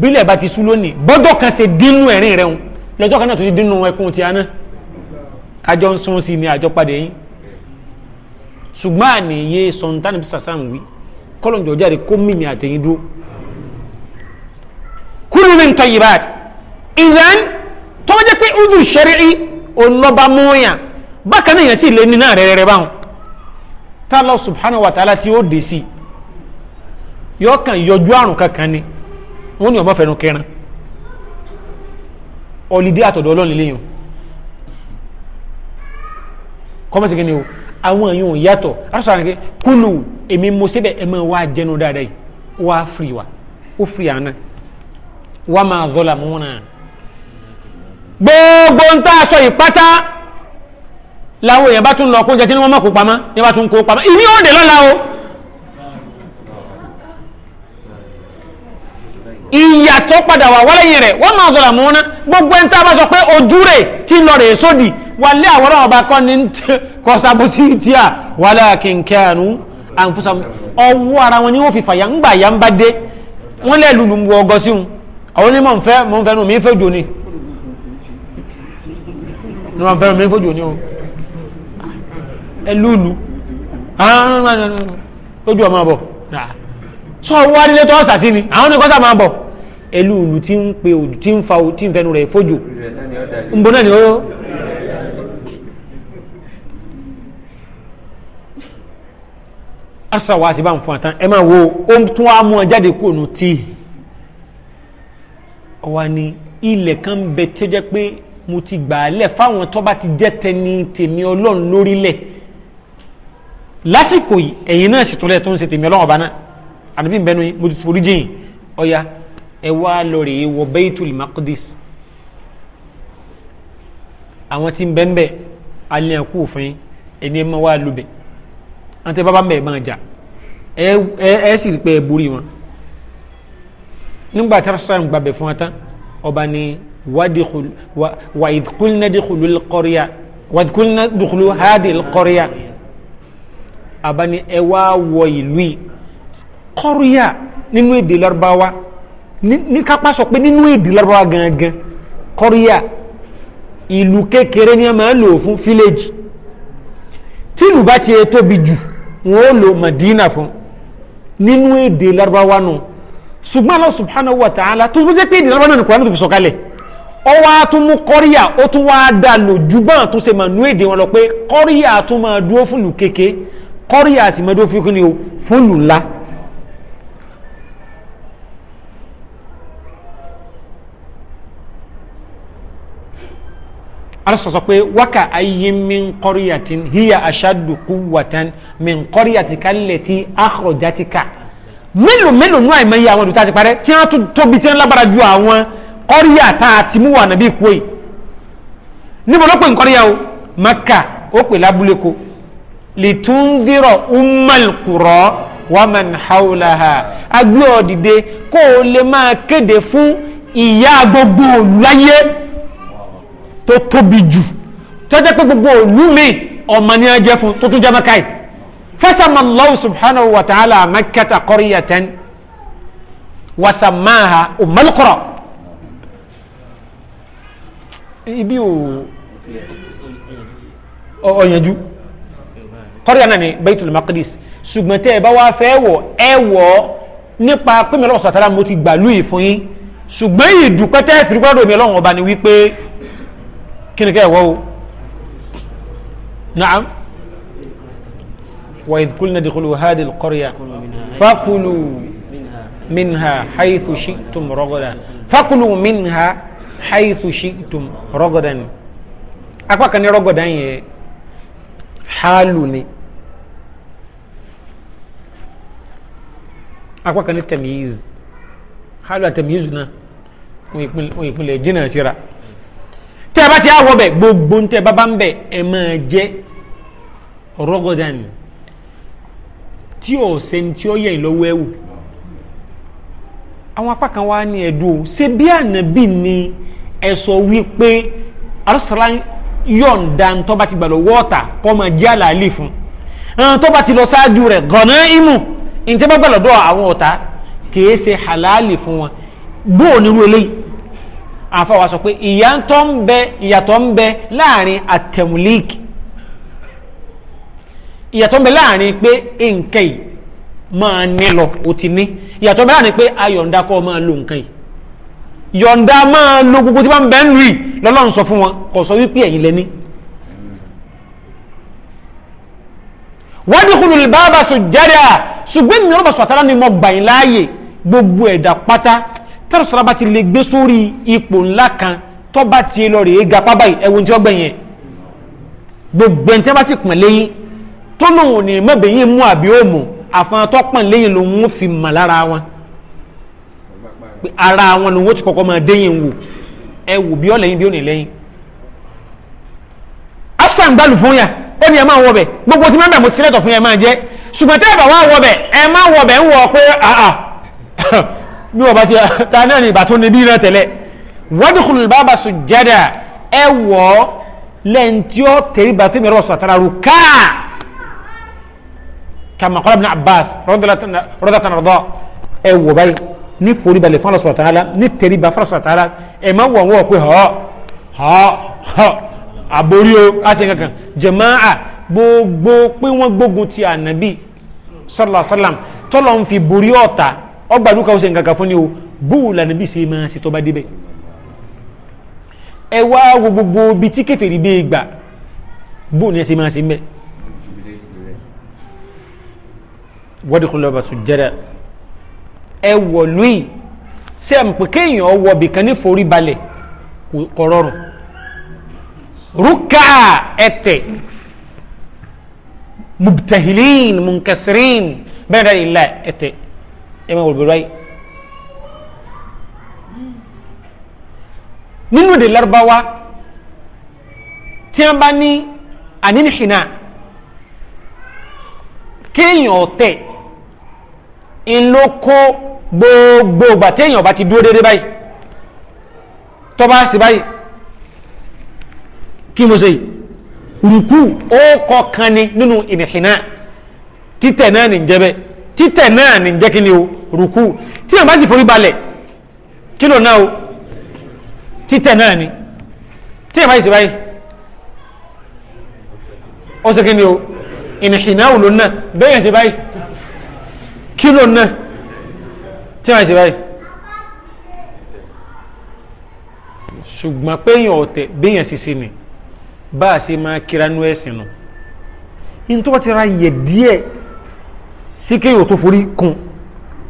bílẹ̀ bá ti sú lónìí bọ́dọ̀ kan ṣe dínú ẹ̀rín rẹ̀ ń lọ́jọ́ kan náà tó ti dínú ẹkùn ti aná àjọ ń sún sí ni àjọ padà yín ṣùgbọ́n àníyé sọ̀ntánì bí sàṣà ń wí kọ́lọ̀njọ́ jáde kó mì ní àtẹ̀yìn dúró kúrú ní nǹkan yìí báyìí ìdán tó wọ́n jẹ́ pé udu ṣẹ́rí ọ̀nà bá bákan náà yẹn sì lé ní náà rẹ̀rẹ̀rẹ̀ báwọn tálọ́ subhanahu wa ta'ala tí ó dé sí yọ yọjú àrùn kankan ni wọ́n ní ọmọ fẹnu kẹran ọ̀lídé àtọ̀dọ̀ ọlọ́run lẹ́yìn kọ́mọ̀sí kí o àwọn èèyàn ò yàtọ̀ arúgbó sàrànkè kúlù èmi mo síbẹ̀ ẹ̀ máa wá jẹnu dáadáa yìí wá firi wa ó firi àná wá máa zọ́là mú gbogbo ń tá sọ yìí láwọn èèyàn bá tún lọ kóúnjẹ tí wọ́n mọ̀ kó pamọ́ ní wọ́n tún kó pamọ́ ìní òde lọ́la o. ìyàtọ̀ padà wà wọ́lẹ́yìn rẹ̀ wọ́n náà sọ̀rọ̀ àmúná gbogbo ẹni tá a bá sọ pé ojú rẹ̀ ti lọ rẹ̀ sódì wàlẹ́ àwọn ọba kọ́ ni kọ́sàbùsì tíà wàlẹ́ kìnkẹ́nu àǹfọ̀sàmù ọwọ́ ara wọn ni wọ́n fi fàyà ńgbà yà ń bá dé wọ́n lẹ́ lulu wọ ọgọ́ sí wọn àwọn onímọ̀ nfẹ́ mọ̀ nfẹ́ nù mí fẹ́ jò ní mọ̀ nfẹ́ nù mí fẹ́ jò ní o ẹlúùlù ah, ah, ah, lójú ọmọ bọ̀ sọ wá nílé tó ọ̀sà sí ni àwọn ní kọ́sà máa bọ̀ ẹlúùlù tí ń pe òjò tí ń fa òjò tí ń fẹnu rẹ̀ fójò ń bọ̀ náà ni ó asa wa si ba nfun atan ẹ ma wo o tún wa mú ọ jáde kúrò nù tí ọwa ni ilẹ̀ kan bẹ tí pé mo ti gbà á lẹ̀ fáwọn tó ti jẹ́ tẹni tèmi ọlọ́run lórílẹ̀ lásìkò yìí ẹ̀yin náà sì túnlẹ̀ tó ń ṣe tèmi ọlọ́wọ́ bá náà àdúgbò ìbẹ́nu yìí mo ti forí jìn ọ̀ya ẹ wá lọ rèé wọ Baitul Maqdis àwọn tí ń bẹ́ẹ̀ bẹ́ẹ̀ alẹ́ ẹ̀kú òfin ẹni ẹ̀ máa wá lóbẹ̀ àti bàbá mẹ́ẹ̀ máa jà ẹ sì rí ẹ borí wọn nígbà tí arsenal gbàgbé fún wọn tán ọba ni wàdìkúlnà dìkúlù hadìl kọ́ríà abani ẹ wá lui ìlú yìí kọ́ríyà nínú èdè Lárúbáwá ní kápá sọ pé nínú èdè Lárúbáwá gangan kọ́ríyà ìlú kékeré ni a máa lò fún fíléèjì tí ìlú bá ti e tóbi jù wọn Madina fún nínú èdè Lárúbáwá nù ṣùgbọ́n Allah subhanahu wa ta'ala tó jẹ́ pé èdè Lárúbáwá náà ni Kùránì tó fi sọ̀kalẹ̀ ó wá tún mú kọ́ríyà ó tún wá dà lò jùgbọ́n tó ṣe mà nú èdè wọn lọ pé kọ́ríyà kọ́rí àsìmọ́dó fi kún ni o fún lù ńlá alasọsọ pé wákà ayé min kọ́ríyàtì hiya aṣáàdù kúwàtán min kọ́ríyàtì kálẹ̀ tí àkọ̀játíkà mélòó mélòó nú àìmọ́ iye àwọn olùtàtí parẹ́ tí wọ́n tóbi tí wọ́n lágbára ju àwọn kọ́ríyàtà àti múwà nàbí kúwèé níbo ló pè ń kọ́ríyà o Maka ó pè lábúlé ko lìtúndìrọ̀ umalkurọ̀ wàmàn haulaha agbé ọ̀dìde kó o lè máa kéde fún ìyá gbogbo olùláyé tó tóbi jù tó jẹ́ pé gbogbo òlú mi ọmọ ní ẹjẹ́ fún tó tún jẹ́ mẹ́kàí fasamallahu subhanahu wa ta'ala makkata qaryatan wasamaha umalkurọ̀ ibi ò ọ̀yànjú. Oh, kọ́ríyà náà ni Baitul Maqdis ṣùgbọ́n tẹ́ ẹ bá wá fẹ́ wọ̀ ẹ wọ̀ nípa pé mi ọlọ́sọ̀ àtàrà mo ti gbàlú yìí fún yín ṣùgbọ́n ìdúpẹ́ tẹ́ ẹ fi gbọ́dọ̀ mi ọlọ́run ọba ni wípé kí ni kẹ́ ẹ wọ́ o naam wa idh qulna dkhulu hadhihi al-qarya fakulu minha haythu shi'tum ragadan fakulu minha haythu shi'tum ragadan apá kan ní ragadan yẹn haalu ni. apá kan ní tẹ̀míìzì hálà na náà wọ́n jina jìnnà síra tẹ́ ẹ bá ti àwọ̀ bẹ̀ gbogbo ń tẹ́ bá bá ń bẹ̀ ẹ máa jẹ́ rọ́gọ́dàn tí ò sẹ́ni tí ó yẹ̀yìn lọ́wọ́ ẹ̀wù àwọn apá kan wá ní ẹ̀dùn o ṣé bí ànábì ni ẹ wípé arúsàlá yọ̀ǹda tó bá ti gbà lọ́wọ́ ọ̀tà kọ́ máa jẹ́ àlàálì fún tó bá ti lọ ṣáájú rẹ̀ gọ̀nà ìmù ntẹ́ bá gbàlọ́dọ̀ àwọn ọ̀tá kìí ṣe halali fún wọn bó o nírú eléyìí àfa wa sọ pé ìyàtọ̀ ń bẹ ìyàtọ̀ ń bẹ láàrin atẹ̀mùlík ìyàtọ̀ ń bẹ láàrin pé nǹkan yìí máa ní lọ o ti ní ìyàtọ̀ ń bẹ láàrin pé ayọ̀ǹda kọ́ máa lo nǹkan yìí yọ̀ǹda máa lo gbogbo tí wọ́n bẹ ń rí lọ́lọ́run sọ fún wọn kò sọ wípé ẹ̀yin lẹ́ni. wọ́n dín kúlù bàbá sùn jẹ́rìà ṣùgbọ́n mi ọlọ́ba sọ̀tara ni mo gbà yín láàyè gbogbo ẹ̀dá pátá tẹ́lẹ̀ sọ̀rọ̀ bá ti lè gbé sórí ipò ńlá kan tọ́ba tiẹ̀ lọ rèé gapá báyìí ẹ̀wọ̀n tí wọ́n gbẹ̀yìn ẹ̀ gbogbo ẹ̀ ń tẹ́ bá sì pọ̀n léyìn tó lòun ò ní mọ̀bẹ̀yìn mú àbí òmù àfọ̀n tó pọ̀n léyìn lòun ó fi mọ̀ lára wọn ara wọn lòun ó ti kọ́kọ́ máa déyìn wò ẹ wò bí ọ̀lẹ́yìn bí ò ní lẹ́yìn. afsan gbàlù fún yà ó ní ẹ máa wọ bẹ̀ gbogbo tí mẹ́mbà mo ti sílẹ̀tọ̀ fún ẹ máa jẹ́ ṣùgbọ́n tẹ́ ẹ bá wá wọ bẹ̀ ẹ máa wọ bẹ̀ ń wọ pé àà [laughs] bí wọ́n bá ti ta náà ní ìbátan níbí náà tẹ́lẹ̀ wadkhulul baba sujjada ẹ wọ̀ ọ́ lẹ́yìn tí ó tẹ̀rí bá fẹ́mi rọ̀ sọ̀tara rú káà kama qala ibn Abbas rọ́dọ̀tàn rọ́dọ̀ ẹ wọ̀ báyìí ní foríbalẹ̀ fún ọ̀sọ̀tara ní tẹ̀rí bá fún ọ̀sọ̀tara ẹ máa wọ̀ wọ́n pé họ́ họ́ họ́ àborí o àṣẹ kankan jẹ̀máà gbogbo pé wọ́n gbógun ti ànábì sallallahu alaihi wasallam tọ́lọ̀ ń fi borí ọ̀tá ọgbàdúkà ó ṣe nǹkan fún ni o bóò lànàbì ṣe máa ṣe tọ́ba débẹ̀ ẹ wá wo gbogbo ibi tí kẹfìrí bẹ́ẹ̀ gbà bóò ni ẹ ṣe máa ṣe mẹ́. wadkhulu basujada ẹ wọ̀ lùí ṣe é mọ̀ pé kéèyàn wọ̀ bìkan ní forí balẹ̀ kò rọrùn rúkà ẹ̀tẹ̀ mubtahilin munkasirin bẹ́ẹ̀ dára ilá ẹ̀tẹ̀ ẹ̀ máa wọ̀lbẹ̀rẹ̀ báyìí. nínú èdè Lárúbáwá tí wọ́n bá ní ànínìhìnà kéèyàn ọ̀tẹ̀ ńlọ kó gbogbo ìgbà téèyàn bá ti dúró déédéé báyìí tọ́ bá báyìí kí mo ṣe yìí rùkú ó kọkan ni nínú ìnìhìnà títẹ̀ náà ní jẹ́bẹ̀ títẹ̀ náà ní jẹ́ kí ni o rùkú tí yàn bá sì forí balẹ̀ kí ló náà o títẹ̀ náà ni tí yàn bá sì ṣe báyìí ó ṣe kí ni o ìnìhìnà òun ló náà bẹ́ẹ̀ yàn ṣe báyìí kí ló náà tí yàn bá ṣe báyìí. ṣùgbọ́n péyàn ọ̀tẹ̀ béèyàn sì sí ni bá a ṣe máa kíra nú ẹ̀sìn nù ní tó bá ti ra yẹ díẹ̀ sí kéèyàn tó kun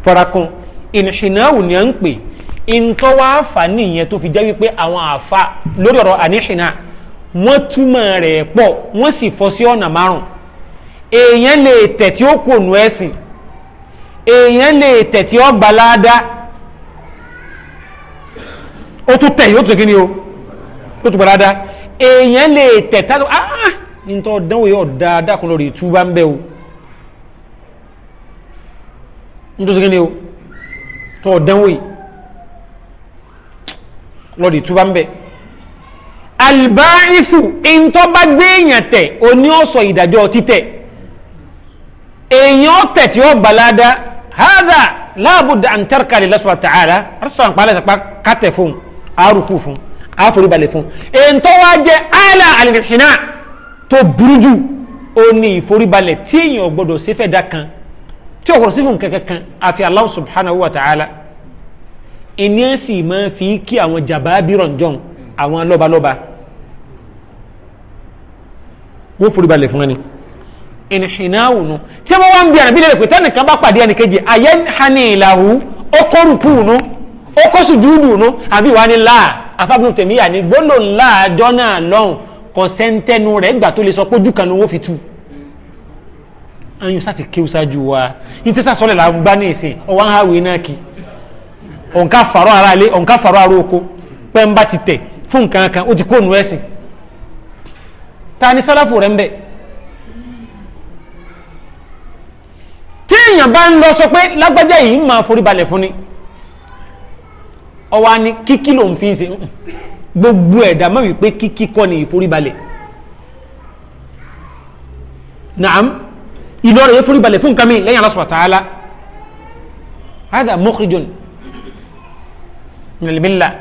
fara kun ìnìhìnáwò ni à ń pè ntọ́ wa fà nìyẹn tó fi jẹ́ wípé àwọn àfa lórí ọ̀rọ̀ àníhìnà wọ́n túmọ̀ rẹ̀ pọ̀ wọ́n sì fọ́ sí ọ̀nà márùn èèyàn lè tẹ̀ ó kò nù ẹ̀sìn èèyàn lè tẹ̀ ó gbalada ó tún tẹ̀ yóò tún kí ni o ó tún gbalada èèyàn lè tẹ̀tà ah, ah, tó ah nítorí ọ̀dánwò yóò dáadáa kan lórí ìtúbà ń bẹ́ o nítorí kí ni o tó ọ̀dánwò yìí lórí ìtúbà ń bẹ́ albárífù ìntọ́ bá tẹ̀ òní ọ̀sọ̀ ìdájọ́ títẹ̀ èèyàn tẹ̀ tí balada hádà láàbùdà àǹtẹ̀rkàlẹ̀ lọ́sọ̀tàhálà rẹ̀ sọ̀rọ̀ pàálẹ̀ sàpá kátẹ̀ fún arúkú fún àforíbalẹ̀ fún èyí tó wá jẹ́ àlà àlìhìnà tó burú jù ó ní ìforíbalẹ̀ tí èèyàn gbọ́dọ̀ sí fẹ́ da kan tí ò gbọ́dọ̀ sí fún kẹ̀kẹ́ kan àfi Allah subhanahu wa ta'ala ìní sì máa fi kí àwọn jàmbá bírọ̀ jọ̀n àwọn lọ́balọ́ba wọ́n foríbalẹ̀ fún ẹni ìnìhìnà òun tí wọ́n wá ń bí ànábìlẹ̀ rẹ̀ pé tẹ́nìkan bá pàdé ẹnìkejì àyẹ́ hanìláhù ó kọ́rùkù òun ó kọ́sùdúdù òun àbí wà ní láà afábùn tèmíyà ní gbólò láàjọ náà lọ́hùn kò sẹ́ńtẹ́nu rẹ̀ gbà tó lè sọ pé ojú kan ni wọ́n fi tu ayun sá ti kéwù ṣáájú wa yín tẹ́sà sọ́lẹ̀ là ń gbá ní ìsìn ọwọ́ ń hàwé náà kí òǹkà fàrọ̀ ara ilé òǹkà fàrọ̀ ara oko pẹ́ńbà ti tẹ̀ fún nǹkan kan ó ti kóònù ẹ̀sìn ta ni sálàfù rẹ̀ ń bẹ̀ tí èèyàn bá ń lọ sọ pé lágbájá yìí máa forí fún ni ọwọ́ ni kíkí ló ń fi ṣe gbogbo ẹ̀dá mọ̀ wípé kíkí kọ́ ni ìforíbalẹ̀ naam iná rẹ̀ yóò foríbalẹ̀ fún nǹkan mi lẹ́yìn Allah subhanahu wa ta'ala hada mukhrijun minal millah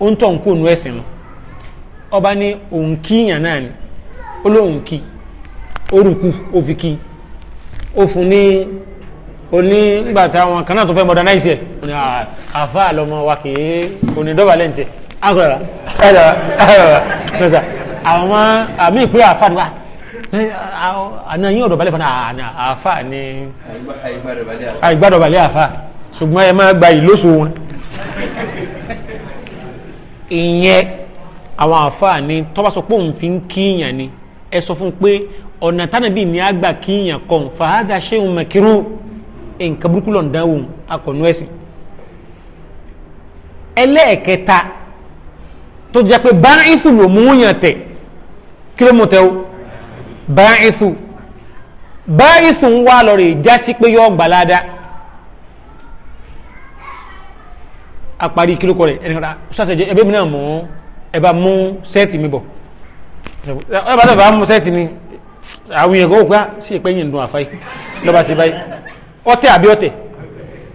ó ń tọ̀ ń kó nu ẹ̀sìn lọ ọba ní òun kíyàn náà ni ó lóun kí orúkú ó kí ó fún ní oni ní ngbà táwọn kan náà tó fẹ́ modernize ẹ̀ ó ní àfa àlọ́mọ wa kì í ó ní dọ́bàlẹ̀ ntẹ̀ àgọ́ra àgọ́ra àgọ́ra nọ́sà àwọn àmì ìpè àfa nípa àná yín ọ̀dọ̀bàlẹ̀ fún àná àfa ní àìgbàdọ̀bàlẹ̀ àfa ṣùgbọ́n ẹ máa gba ìlóṣù wọn ìyẹn àwọn àfa ní tọ́ba sọ pé òun fi ń kíyàn ni ẹ sọ fún un pé ọ̀nà tánàbí ni àgbà kíyàn kan fàájà ṣéun mẹkìrún nǹkan burúkú lọ́n dánwò akọ̀nú ẹ̀sìn ẹlẹ́ẹ̀kẹta tó jẹ́ pé báńìsù ló mú yàn tẹ̀ kí ló mú tẹ́ o báńìsù báńìsù ń wá lọ rè jásí pé yọ gbàládá apari kí ló kọ rẹ̀ ẹnìkan ṣàṣẹjẹ ẹbí mi náà mọ̀ ọ́ ẹ bá mú sẹ́ẹ̀tì mi bọ̀ ẹ bá tẹ̀ bá mú sẹ́ẹ̀tì mi àwọn èèyàn kò gbá sí ìpẹ́yìn dùn àfáì lọ́ba ṣe báyìí ọ̀tẹ̀ àbí ọ̀tẹ̀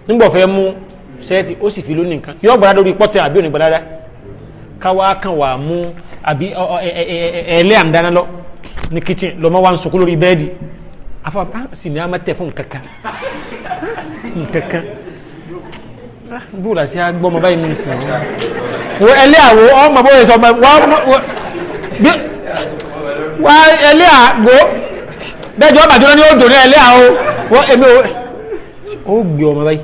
nígbà ọ̀fẹ́ mú sẹ́ẹ̀tì ó sì fi lónìí nǹkan yóò gbàdá lórí pọ́tẹ̀ àbí òní gbàdá káwá kan wà mú àbí ẹ̀ẹ́lẹ́ àǹdáná lọ ní kitchen lọ́mọ wa ń sunkún lórí bẹ́ẹ̀dì afọ ah, sì ní a máa tẹ̀ fún nǹkankan [laughs] nǹkankan bóòlù àti agbọ́mọ báyìí ní ìsìn wọn ẹlẹ́ àwọ ọmọ bóyá sọ wá ẹlẹ́ àgbo bẹ́ẹ̀ jọba jọba ni ó dùn ní ẹlẹ́ àwọ èmi ò ó gbé ọmọ báyìí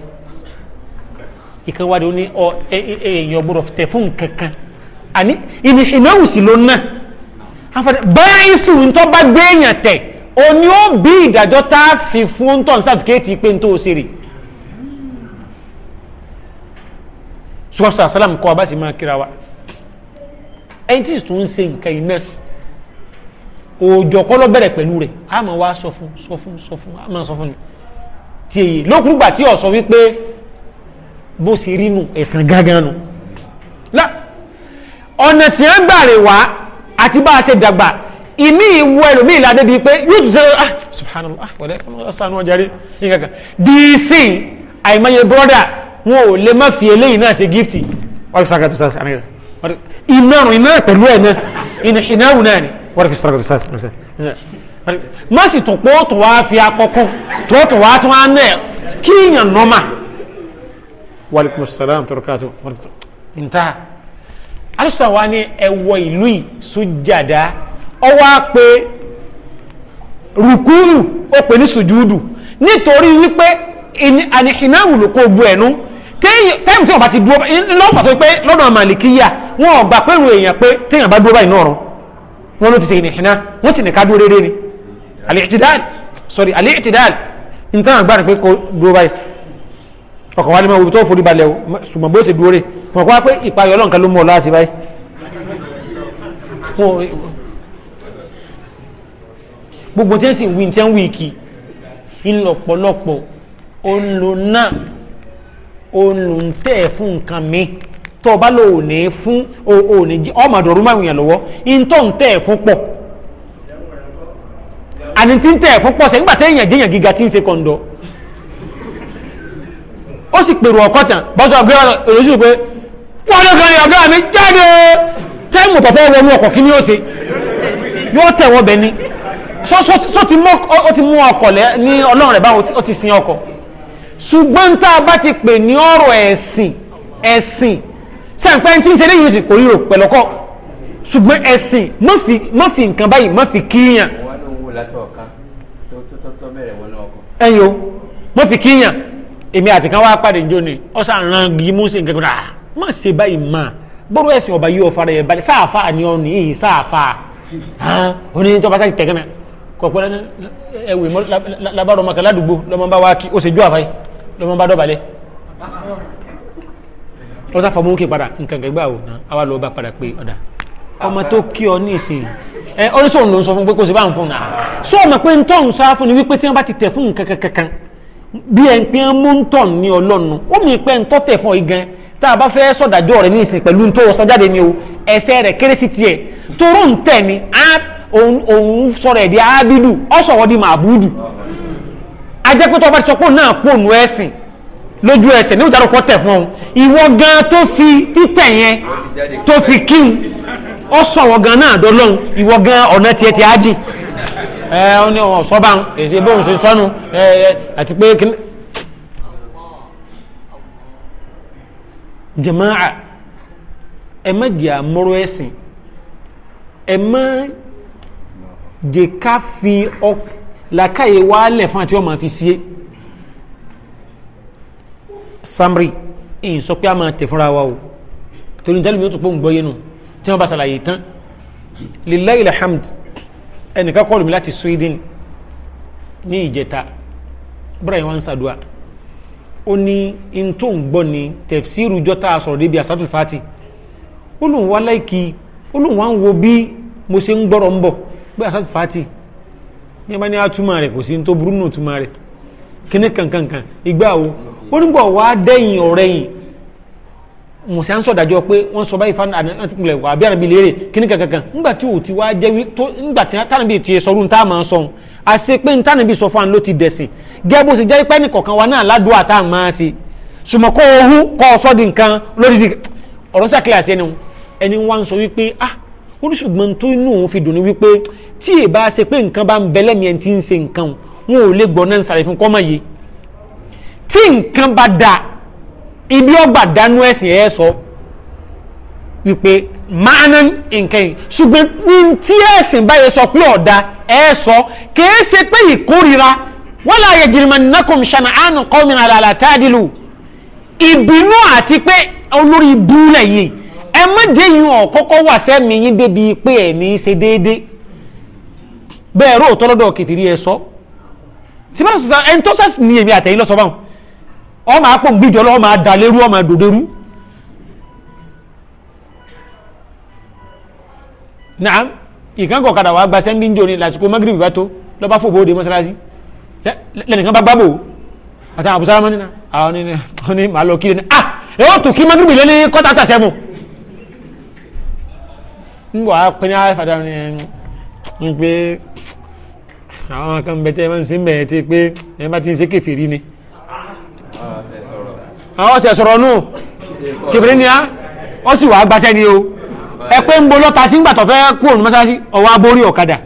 ìkan wá di ó ní èèyàn gbọ́dọ̀ tẹ̀ fún kankan àní ìní ìnáwó sì ló ná àǹfààní báyìí fún un bá gbé èèyàn tẹ̀ o ní ó bí ìdájọ́ tá a fi fún un tọ́n sàtìkéètì pé n tó ṣe rè sọ́sà sálàmù kọ́ abá sì máa kíra wa ẹni tí tún ń ṣe nǹkan iná òòjọ́ kọ́ ló bẹ̀rẹ̀ pẹ̀lú rẹ̀ a máa sọ fún sọ fún sọ fún a sọ fún ni ti èyí lókùrúgbà tí ó sọ wípé bó ṣe rí nu ẹ̀sìn gángan nu ọ̀nà tí wọ́n gbà rè wá àti bá a ṣe dàgbà ìmí ìwọ ẹlòmí ìlàdé bíi pé yóò tún sẹ́yìn ah subhanallah ah, wọlé ọsàn wọn jẹrí nǹkan dìísì àìmọye bọ́dà wọn ò lè má fi eléyìí náà ṣe gíftì wọ́n fi sàkàtà sàkàtà àmì ìmọ̀ràn ìmọ̀ràn pẹ̀lú ẹ̀ náà ìnáwó náà ni wọ́n fi sàkàtà sàkàtà má sì tún pé ó tún wá fi akọkún tó tún wá tún á nẹ kí èèyàn nọ́mà wàlíkùn sàlám tó rọkàtó nta alisa wa ni ẹwọ ìlú yìí sójàdá ọwọ́ á pé rùkúrù ó pè ní sùjúdù nítorí wípé àníhìnáwù ló kó gbó ẹnu tẹ́yìn tí wọ́n bá ti dúró lọ́fà tó pé lọ́nà màlìkíyà wọn ò gbà pé ìrù èèyàn pé téèyàn bá dúró báyìí náà rán wọn ló ti ṣe ìnìhìná wọn ti nìka dúró rere ni al-i'tidal sorry al-i'tidal nǹkan àgbà ni pé kò dúró báyìí ọkọ̀ wa ni mo tó forí balẹ̀ o ṣùgbọ́n bó ṣe dúró rè mọ̀ kó wá pé ìpayọ̀ ọlọ́run kan ló mú ọ láàṣì báyìí gbogbo tí ń sìn wí tí ń wí kì í ńlọ́pọ̀lọpọ̀ òǹlò náà fún nǹkan mi tó lò ní fún ò ní ọmọdọ̀rú máa ń yàn lọ́wọ́ ìǹtọ́ fún pọ̀ àní tí ń tẹ̀ fún pọ̀sẹ̀ nígbà téèyàn jẹ́yàn gíga tí ń ṣe kọ́ńdọ̀ ó sì pèrò ọ̀kọ́ tán bọ́sọ̀ ọ̀gbẹ́ olóṣù pé wọ́n ló kan ní ọ̀gá mi jáde táìmù tó fẹ́ wọnú ọkọ̀ kí ni ó ṣe yóò tẹ̀ wọ́n bẹ̀ ni sọ ti mú ọkọ̀ lẹ́ ní ọlọ́run rẹ̀ báwọn ó ti sin ọkọ̀ ṣùgbọ́n tá a bá ti pè ní ọ̀rọ̀ ẹ̀sìn ẹ̀sìn sẹ́ǹpẹ́ tí ń ṣe léyìn kò yí ò pẹ̀lọ́kọ́ ṣùgbọ́n ẹ̀sìn má fi nǹkan báyìí má fi kíyàn látọ̀ọ̀kan tó tó tó bẹ̀rẹ̀ wọnú ọkọ̀. ẹyin o mo fi kíyàn èmi àti kan wá pàdé njó ni ọ̀sán àrùn gígí mú sí nǹkan kan má ṣe báyìí mà bọ́rọ̀ ẹ̀sìn ọba yóò fara ẹ̀ balẹ̀ sáàfà ni ọ ní ìyìn sáàfà hàn oní tó bá sáà tẹ̀gánná kọ̀pọ̀ ẹ̀wẹ̀ labárò ọmọ kan ládùúgbò lọ́mọ bá wá kí ó ṣe jó àfáyé lọ́mọ bá dọ̀bálẹ̀ ọ̀sán fọmọ́ padà nǹkan kẹgbà ò àwa lọ́ọ́ bá padà pé ọ̀dà ọmọ tó kí ọ ní ìsìn ẹ oníṣòwò ló ń sọ fún pé kò sí bá ń fún un náà sọ ọmọ pé ń tọ̀hún sá fún ni wípé tí wọ́n bá ti tẹ̀ fún nǹkan kankan bí ẹ̀ ń pín ń mú ń tọ̀hún ní ọlọ́nu ó mú pé ń tọ́ tẹ̀ fún ọ igan tá a bá fẹ́ sọ̀dájọ́ rẹ̀ ní ìsìn pẹ̀lú tó sọ jáde ni o ẹsẹ̀ rẹ̀ kéré sí tiẹ̀ toró ń tẹ̀ ni òun sọ̀rọ̀ ẹ̀dí ábídù ọ̀sọ̀wọ́ di màbúdù ajẹ́pẹ́tọ́ bá ti sọ pé òun náà kó òun ẹ̀sìn lójú ẹsẹ̀ ní ìdárúkọ tẹ̀ fún ọ ìwọ gan tó fi títẹ̀ yẹn tó fi kí ọ sọ wọn gan náà dọlọ́hún ìwọ gan ọ̀nà tiẹ̀ ti ájì ẹ ọ ní ọ̀sọ́ bá ń èsì bóun ṣe sọnù ẹ àti pé kí jamaa ẹ má jẹ́ àmọ́rọ́ ẹ̀sìn ẹ má jẹ́ ká fi ọ làkàyè wàálẹ̀ fún àti ọmọ àfi síé e. samri ìyìn sọ pé a máa tẹ̀ fúnra wa o torí nítorí mi ó tún pọ̀ ń gbọ́ yẹnu tí wọ́n bá ṣàlàyé tán lillahi alhamd ẹnìkan kọlù mi láti Sweden ní ìjẹta bọ́dà yẹn wọ́n ń ṣàdúrà ó ní in tó ń gbọ́ ni tẹ̀fsíìrù jọ́ta sọ̀rọ̀ débi àsátùl fati ó lóun wá láìkí ó lóun wá ń wo bí mo ṣe ń gbọ́rọ̀ ń bọ̀ pé àsátùl fati ní ẹ bá ní àtúmọ̀ rẹ̀ kò sí ní tó burú nù túmọ̀ rẹ̀ kíní kankankan ìgbà wo ó nígbà wá dẹ́yìn ọ̀rẹ́yìn musa ń sọdájọ pé wọn sọ báyìí fún àná àti kúnlẹ̀ wà bí àná bi léèrè kíní kankan ńgbà tí o ti wá jẹ́ wí tó ńgbà tí tánà bí tiẹ̀ sọ̀rọ̀ ntá máa sọ̀n àṣẹ pé ntánà bí sọ fún àná ló ti dẹ̀sìn gẹ́gbó sì jẹ́ pé ní kọ̀ọ̀kan wa náà ládùú àtá máa ṣe ṣùgbọ́n kó o hu kọ́ ọ sọ́ di nǹkan lórí di ọ̀rọ̀ sá kílẹ̀ àṣẹ ni ẹni wá ń sọ wípé ah oníṣùgbọ́n tó inú òun fi dùn ní wípé tí ì bá ṣe pé nǹkan bá ń bẹ lẹ́mìí ẹni tí ń ṣe nǹkan wọn ò lè gbọ́ náà ń sàrẹ̀ fún kọ́mọ̀ yìí tí nǹkan bá dáa ibi ọgbà dánú ẹ̀sìn ẹ̀ sọ wípé máàná nǹkan yìí ṣùgbọ́n ní tí ẹ̀sìn báyìí sọ pé ọ̀dà ẹ̀ sọ kìí ṣe pé ìkórira wọ́n láàyè jìrìmọ̀nìnàkùn ṣànà àánú kọ́mìnà àlàlà tádìlù ìbínú àti pé olórí búlẹ̀ yìí ẹ má dé yìí ọ̀ kọ́kọ́ wà sẹ́mi yín débi pé ẹ̀ ní í ṣe déédé bẹ́ẹ̀ róòtọ́ lọ́dọ̀ kẹfìrí ẹ sọ tìbẹ́rẹ̀ sọ̀tà ẹni tó sẹ́sì ní èmi àtẹ̀yìn lọ́sọ̀ báwọn ọmọ apòǹgbìjọ lọ́wọ́ máa dà lérú ọmọ dòdòrú náà ìkánkọ̀ kadà wà gba sẹ́ndí jò ní lásìkò magrib bá tó lọ́bá fòbó de mọ́sálásí lẹ́nìkan bá gbábò àtàwọn àbúsára mọ́ nínú àwọn ní màá lọ kí lẹ́nu ah ẹ̀wọ́n tó kí magrib lé ní kọ́tà tàṣẹ́mù ń bọ̀ á pín ní àfàdà ní ẹni pé àwọn kan bẹ̀tẹ̀ máa ń ṣe mẹ́ẹ̀ ti pé ẹ bá ti ń ṣe kèfèrí ni àwọn ọ̀sẹ̀ sọ̀rọ̀ nù kìbìrì ni á ó sì wàá gbaṣẹ́ ni o ẹ pé ń bo lọ́ta sí ń gbàtọ̀ fẹ́ kú òun mọ́sáàsì ọwọ́ aborí ọ̀kadà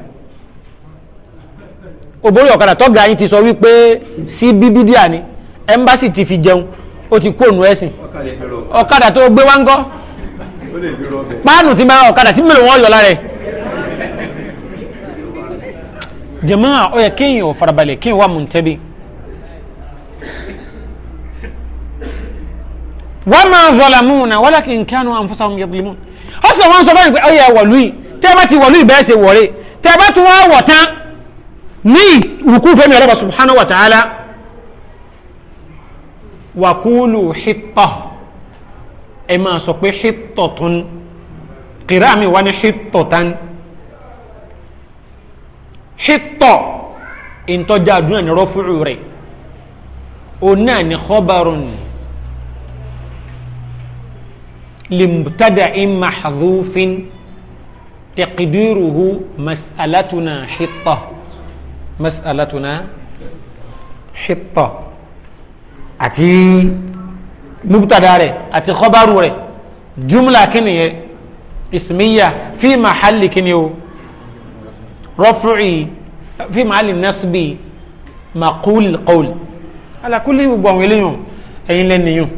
òborí ọ̀kadà tọ́gà yín ti sọ wípé sí bíbídíà ni ẹmbásì ti fi jẹun ó ti kú òun ẹ̀sìn ọ̀kadà tó gbé wá ń gọ́ páànù ti máa ọ̀kadà sí mélòó wọn yọ lára ẹ̀ jẹ̀mọ́ ó yẹ kéèyàn ò farabalẹ̀ kéèyàn wà mú un wọ́n máa zalamuna walakin kanu anfusahum yadlimun ó sì wọ́n sọ báyìí pé ọyẹ wọ̀lú yìí tẹ́ bá ti wọ̀lú yìí bẹ́ẹ̀ ṣe wọ̀rẹ́ tẹ́ bá tún wá wọ̀ tán ní ìrùkú fẹ́mi ọlọ́ba wa ta'ala wa qulu hitta ẹ máa sọ pé hittatun mi wá ní hittatan hitta ìtọ́jà àdúrà ní rọ́fùrù rẹ̀ òun náà ni. لمبتدع محذوف تقديره مسألتنا حطة مسألتنا حطة أتي مبتدع أتي خبر جملة كنية اسمية في محل كنيو رفعي في محل النصب مقول قول على كل يبقى ويليون أين لن يوم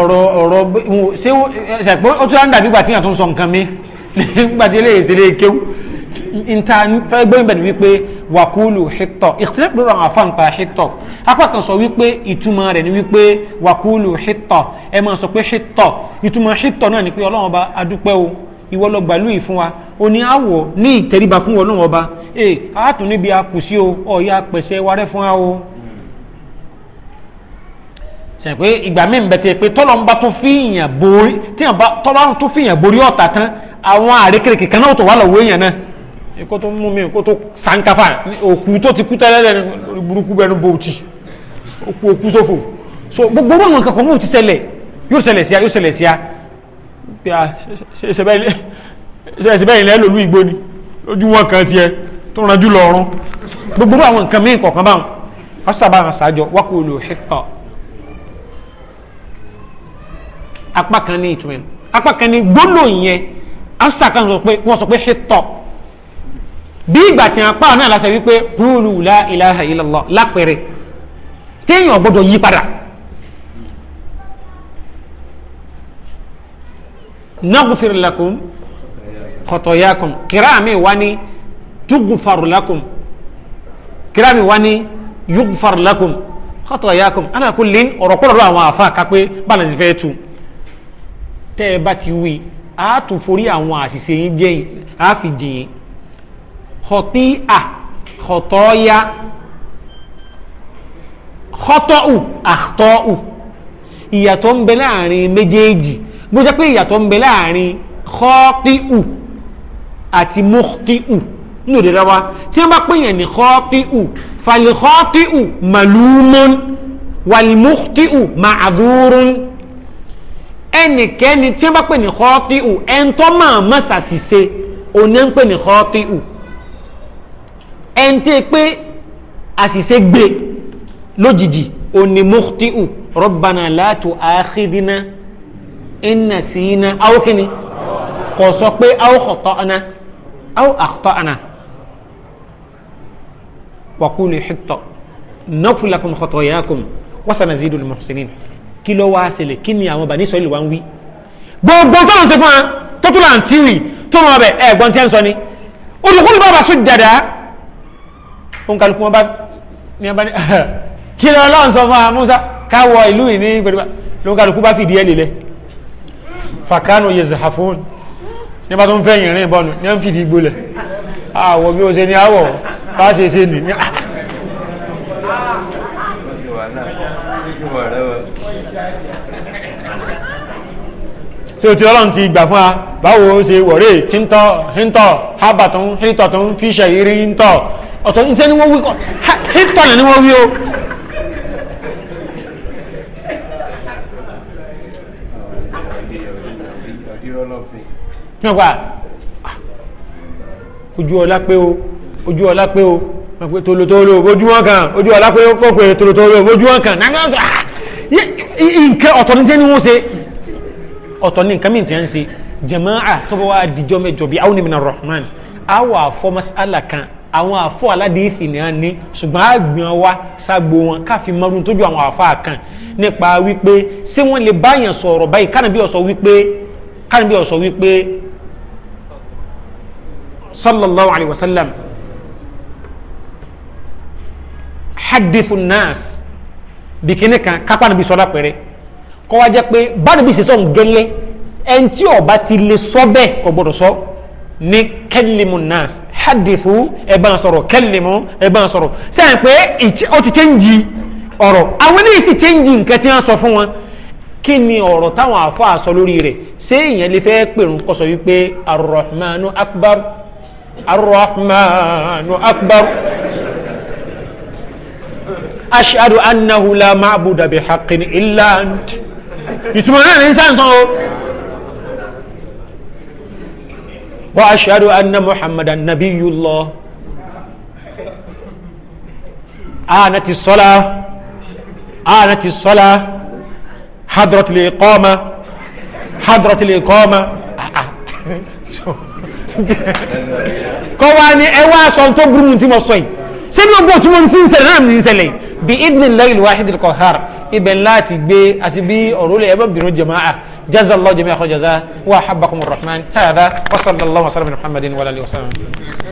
ọ̀rọ̀ ọ̀rọ̀ ṣé ṣàpọ̀ ó tún dáńdà nígbà tí yàn tó ń sọ nǹkan mi [laughs] nígbà tí eléyìí ṣe lè kéwú níta fẹ́ gbóyìn bẹ̀rẹ̀ wípé wàkúlù hìtọ̀ ìtìlẹ́pù lọ́rọ̀ àwọn afáǹpa hìtọ̀ apá kan sọ wípé ìtumọ̀ rẹ̀ ni wípé wàkúlù hìtọ̀ ẹ máa sọ pé hìtọ̀ ìtumọ̀ hìtọ̀ náà ni pé ọlọ́run ọba adúpẹ́ o ìwọ lọ gbàlú yìí fún wa o ní àwọ̀ ní ìtẹríba fún ọlọ́run ọba ẹ àátún níbi akùsí o ọ̀ya pẹ̀sẹ̀ warẹ́ fún wa o sẹ́yìn pé ìgbà míì ń bẹ tẹ́ pé tọ́lọ́ ń bá tó fìyàn borí tíyàn bá tọ́lọ́ tó fìyàn borí ọ̀tá tán àwọn àrékèrèkè kan náà tó wà lọ́wọ́ èèyàn náà kó tó mú mi kó tó sànkáfà òkú tó ti kú tẹ́lẹ̀ lẹ́nu burúkú bẹnu bòtì òkú òkú sófò so gbogbo àwọn nǹkan kan mú ti ṣẹlẹ̀ yóò ṣẹlẹ̀ sí a yóò ṣẹlẹ̀ sí a ṣe bẹ́ẹ̀ ilẹ̀ lòlú ìgbó ni lójú wọn kan tiẹ̀ tó ranjú lọ́rùn gbogbo àwọn nǹkan míì kọ̀ọ̀kan báwọn wọ́n sábà ń sáájọ wákòó lò hẹ́kọ̀ọ́ apá kan ní ìtumẹ̀ apá kan ní gbólò yẹn ansa kan sọ pé wọ́n sọ pé hitọ́ bí ìgbà tí apá náà lásẹ̀ wípé qulu la ilaha illallah lápẹ̀rẹ̀ téèyàn gbọ́dọ̀ yí padà. nagufir lakum kọtọyakum kirami wani tugufar lakum kirami wani yugufar lakum kọtọyakum ana kulli ọ̀rọ̀ kọlọlọ àwọn afa kakpe balance fẹ tu tẹ́ ẹ bá ti wí a tún forí àwọn àṣìṣe yín jẹ́yìn a fi jìyìn xɔtí a xɔtɔya xɔtɔu àtɔu ìyàtọ̀ ń bẹ láàrin méjèèjì bó jẹ́ pé ìyàtọ̀ ń bẹ láàrin xɔtíu àti mọ́tíu ní òde rárá tí wọ́n bá pè yẹn ní xɔtíu falẹ̀ xɔtíu màlúmọ́n wàlímọ́tíu màdúrún ẹnikẹ́ni tí wọ́n bá pè ní xọ́ọ́tìhù ẹ̀ńtọ́ máa má ṣàṣìṣe òní ń pè ní xọ́ọ́tìhù ẹ̀ńtẹ́ pé àṣìṣe gbé lójijì òní mọ́ọ́tìhù rọ́bànà látò àáxídínà ìnà sí iná áwòkíní kò sọ pé áwòkọ̀tọ̀ ọ̀nà áwòkọ̀tọ̀ ọ̀nà wàkúlù ìxìtọ̀ nọ́fùlàkùn xọ̀tọ̀ yàkùn wàsànà zidul muhsinin kí ló wá ṣẹlẹ̀ kí ni àwọn bàní sọ́ọ́lì wá ń wí. gbogbo tó ń ṣe fún wa tó tún là ń tíwì tó mọ ọbẹ̀ ẹ̀ gbọ́n tí ń sọ ni olùkúlù bá bàṣú dàdá òun kàlùkù wọn bá ní abá ní [laughs] kí ló lọ́n sọ fún wa Musa káwọ ìlú yìí ní gbẹdúgbà lóun kàlùkù bá fìdí ẹ̀ lélẹ̀ fàkánù yezahafun ní bá tó ń fẹ́ yìnrìn bọ́nu ní wọ́n fìdí gbólẹ̀ àwọ̀ bí ó ṣe ní àwọ̀ bá ṣe ṣe nì tí o ti ọlọ́run ti gbà fún wa báwo ó ṣe wọ̀rẹ́ híntọ́ híntọ́ habatun híntọ́ tó ń fíṣẹ̀ irí híntọ́ ọ̀tọ̀ níta ni wọ́n wí kọ́ híntọ́ ni wọ́n wí o. nípa ojú ọlá pé o ojú ọlá pé o tolotolo ojú wọn kan ojú ọlá pé o kó pé tolotolo ojú wọn kan nǹkan ọ̀tọ̀ níta ni wọ́n ṣe ọ̀tọ̀ ní nǹkan mìíràn ti ń ṣe jamaa tó bá wà dijọ́ mẹ́jọ bíi àwọn ènìyàn rahman àwọn àfọ masala kan àwọn àfọ aládìísì ni a ní ṣùgbọ́n àgbìn wa ságbo wọn káfí márùn tójú àwọn àfa kan nípa wípé ṣé wọ́n lè báyàn sọ̀rọ̀ báyìí kánàbí ó sọ wípé kánàbí ó sallallahu alayhi wa sallam hadithu nas bikini kan kápá nàbí sọlá pẹ̀rẹ́ kọ́ wá jẹ́ pé báyìí bí sísọ gẹ́lẹ́ ẹni tí ọba ti lè sọ bẹ́ẹ̀ kò gbọ́dọ̀ sọ ní kẹ́lìmù nas hadithu ẹ bá ń sọ̀rọ̀ kẹ́lìmù ẹ bá ń sọ̀rọ̀ sẹ́yìn pé ó ti chẹ́ǹjì ọ̀rọ̀ àwọn eléyìí sì chẹ́ǹjì nǹkan tí wọ́n sọ fún wọn kí ni ọ̀rọ̀ táwọn àfọ́ àsọ lórí rẹ̀ ṣé èèyàn lè fẹ́ pèrún kó sọ wípé arrahmanu akbar arrahmanu akbar ashadu annahu la ma'buda bihaqqin illa anta ìtumọ̀ náà ní sáǹsán o wa ashhadu anna muhammadan nabiyullah anati sala anati sala hadratul iqama hadratul iqama kọ́ wa ni ẹ wá sọ tó ti mọ̀ sọ yìí sẹ́ni ọgbọ́n tó mọ̀ ti ń ṣẹlẹ̀ náà mi ń yìí bí idnillahi al-wahidil qahhar ibẹ̀ láti gbé àti bí ọ̀rọ̀ lè ẹbẹ̀ bìnú jama'a jazallahu jami'a khair jaza wa habbakumur rahman hadha wa sallallahu wa sallam muhammadin wa alihi wa sallam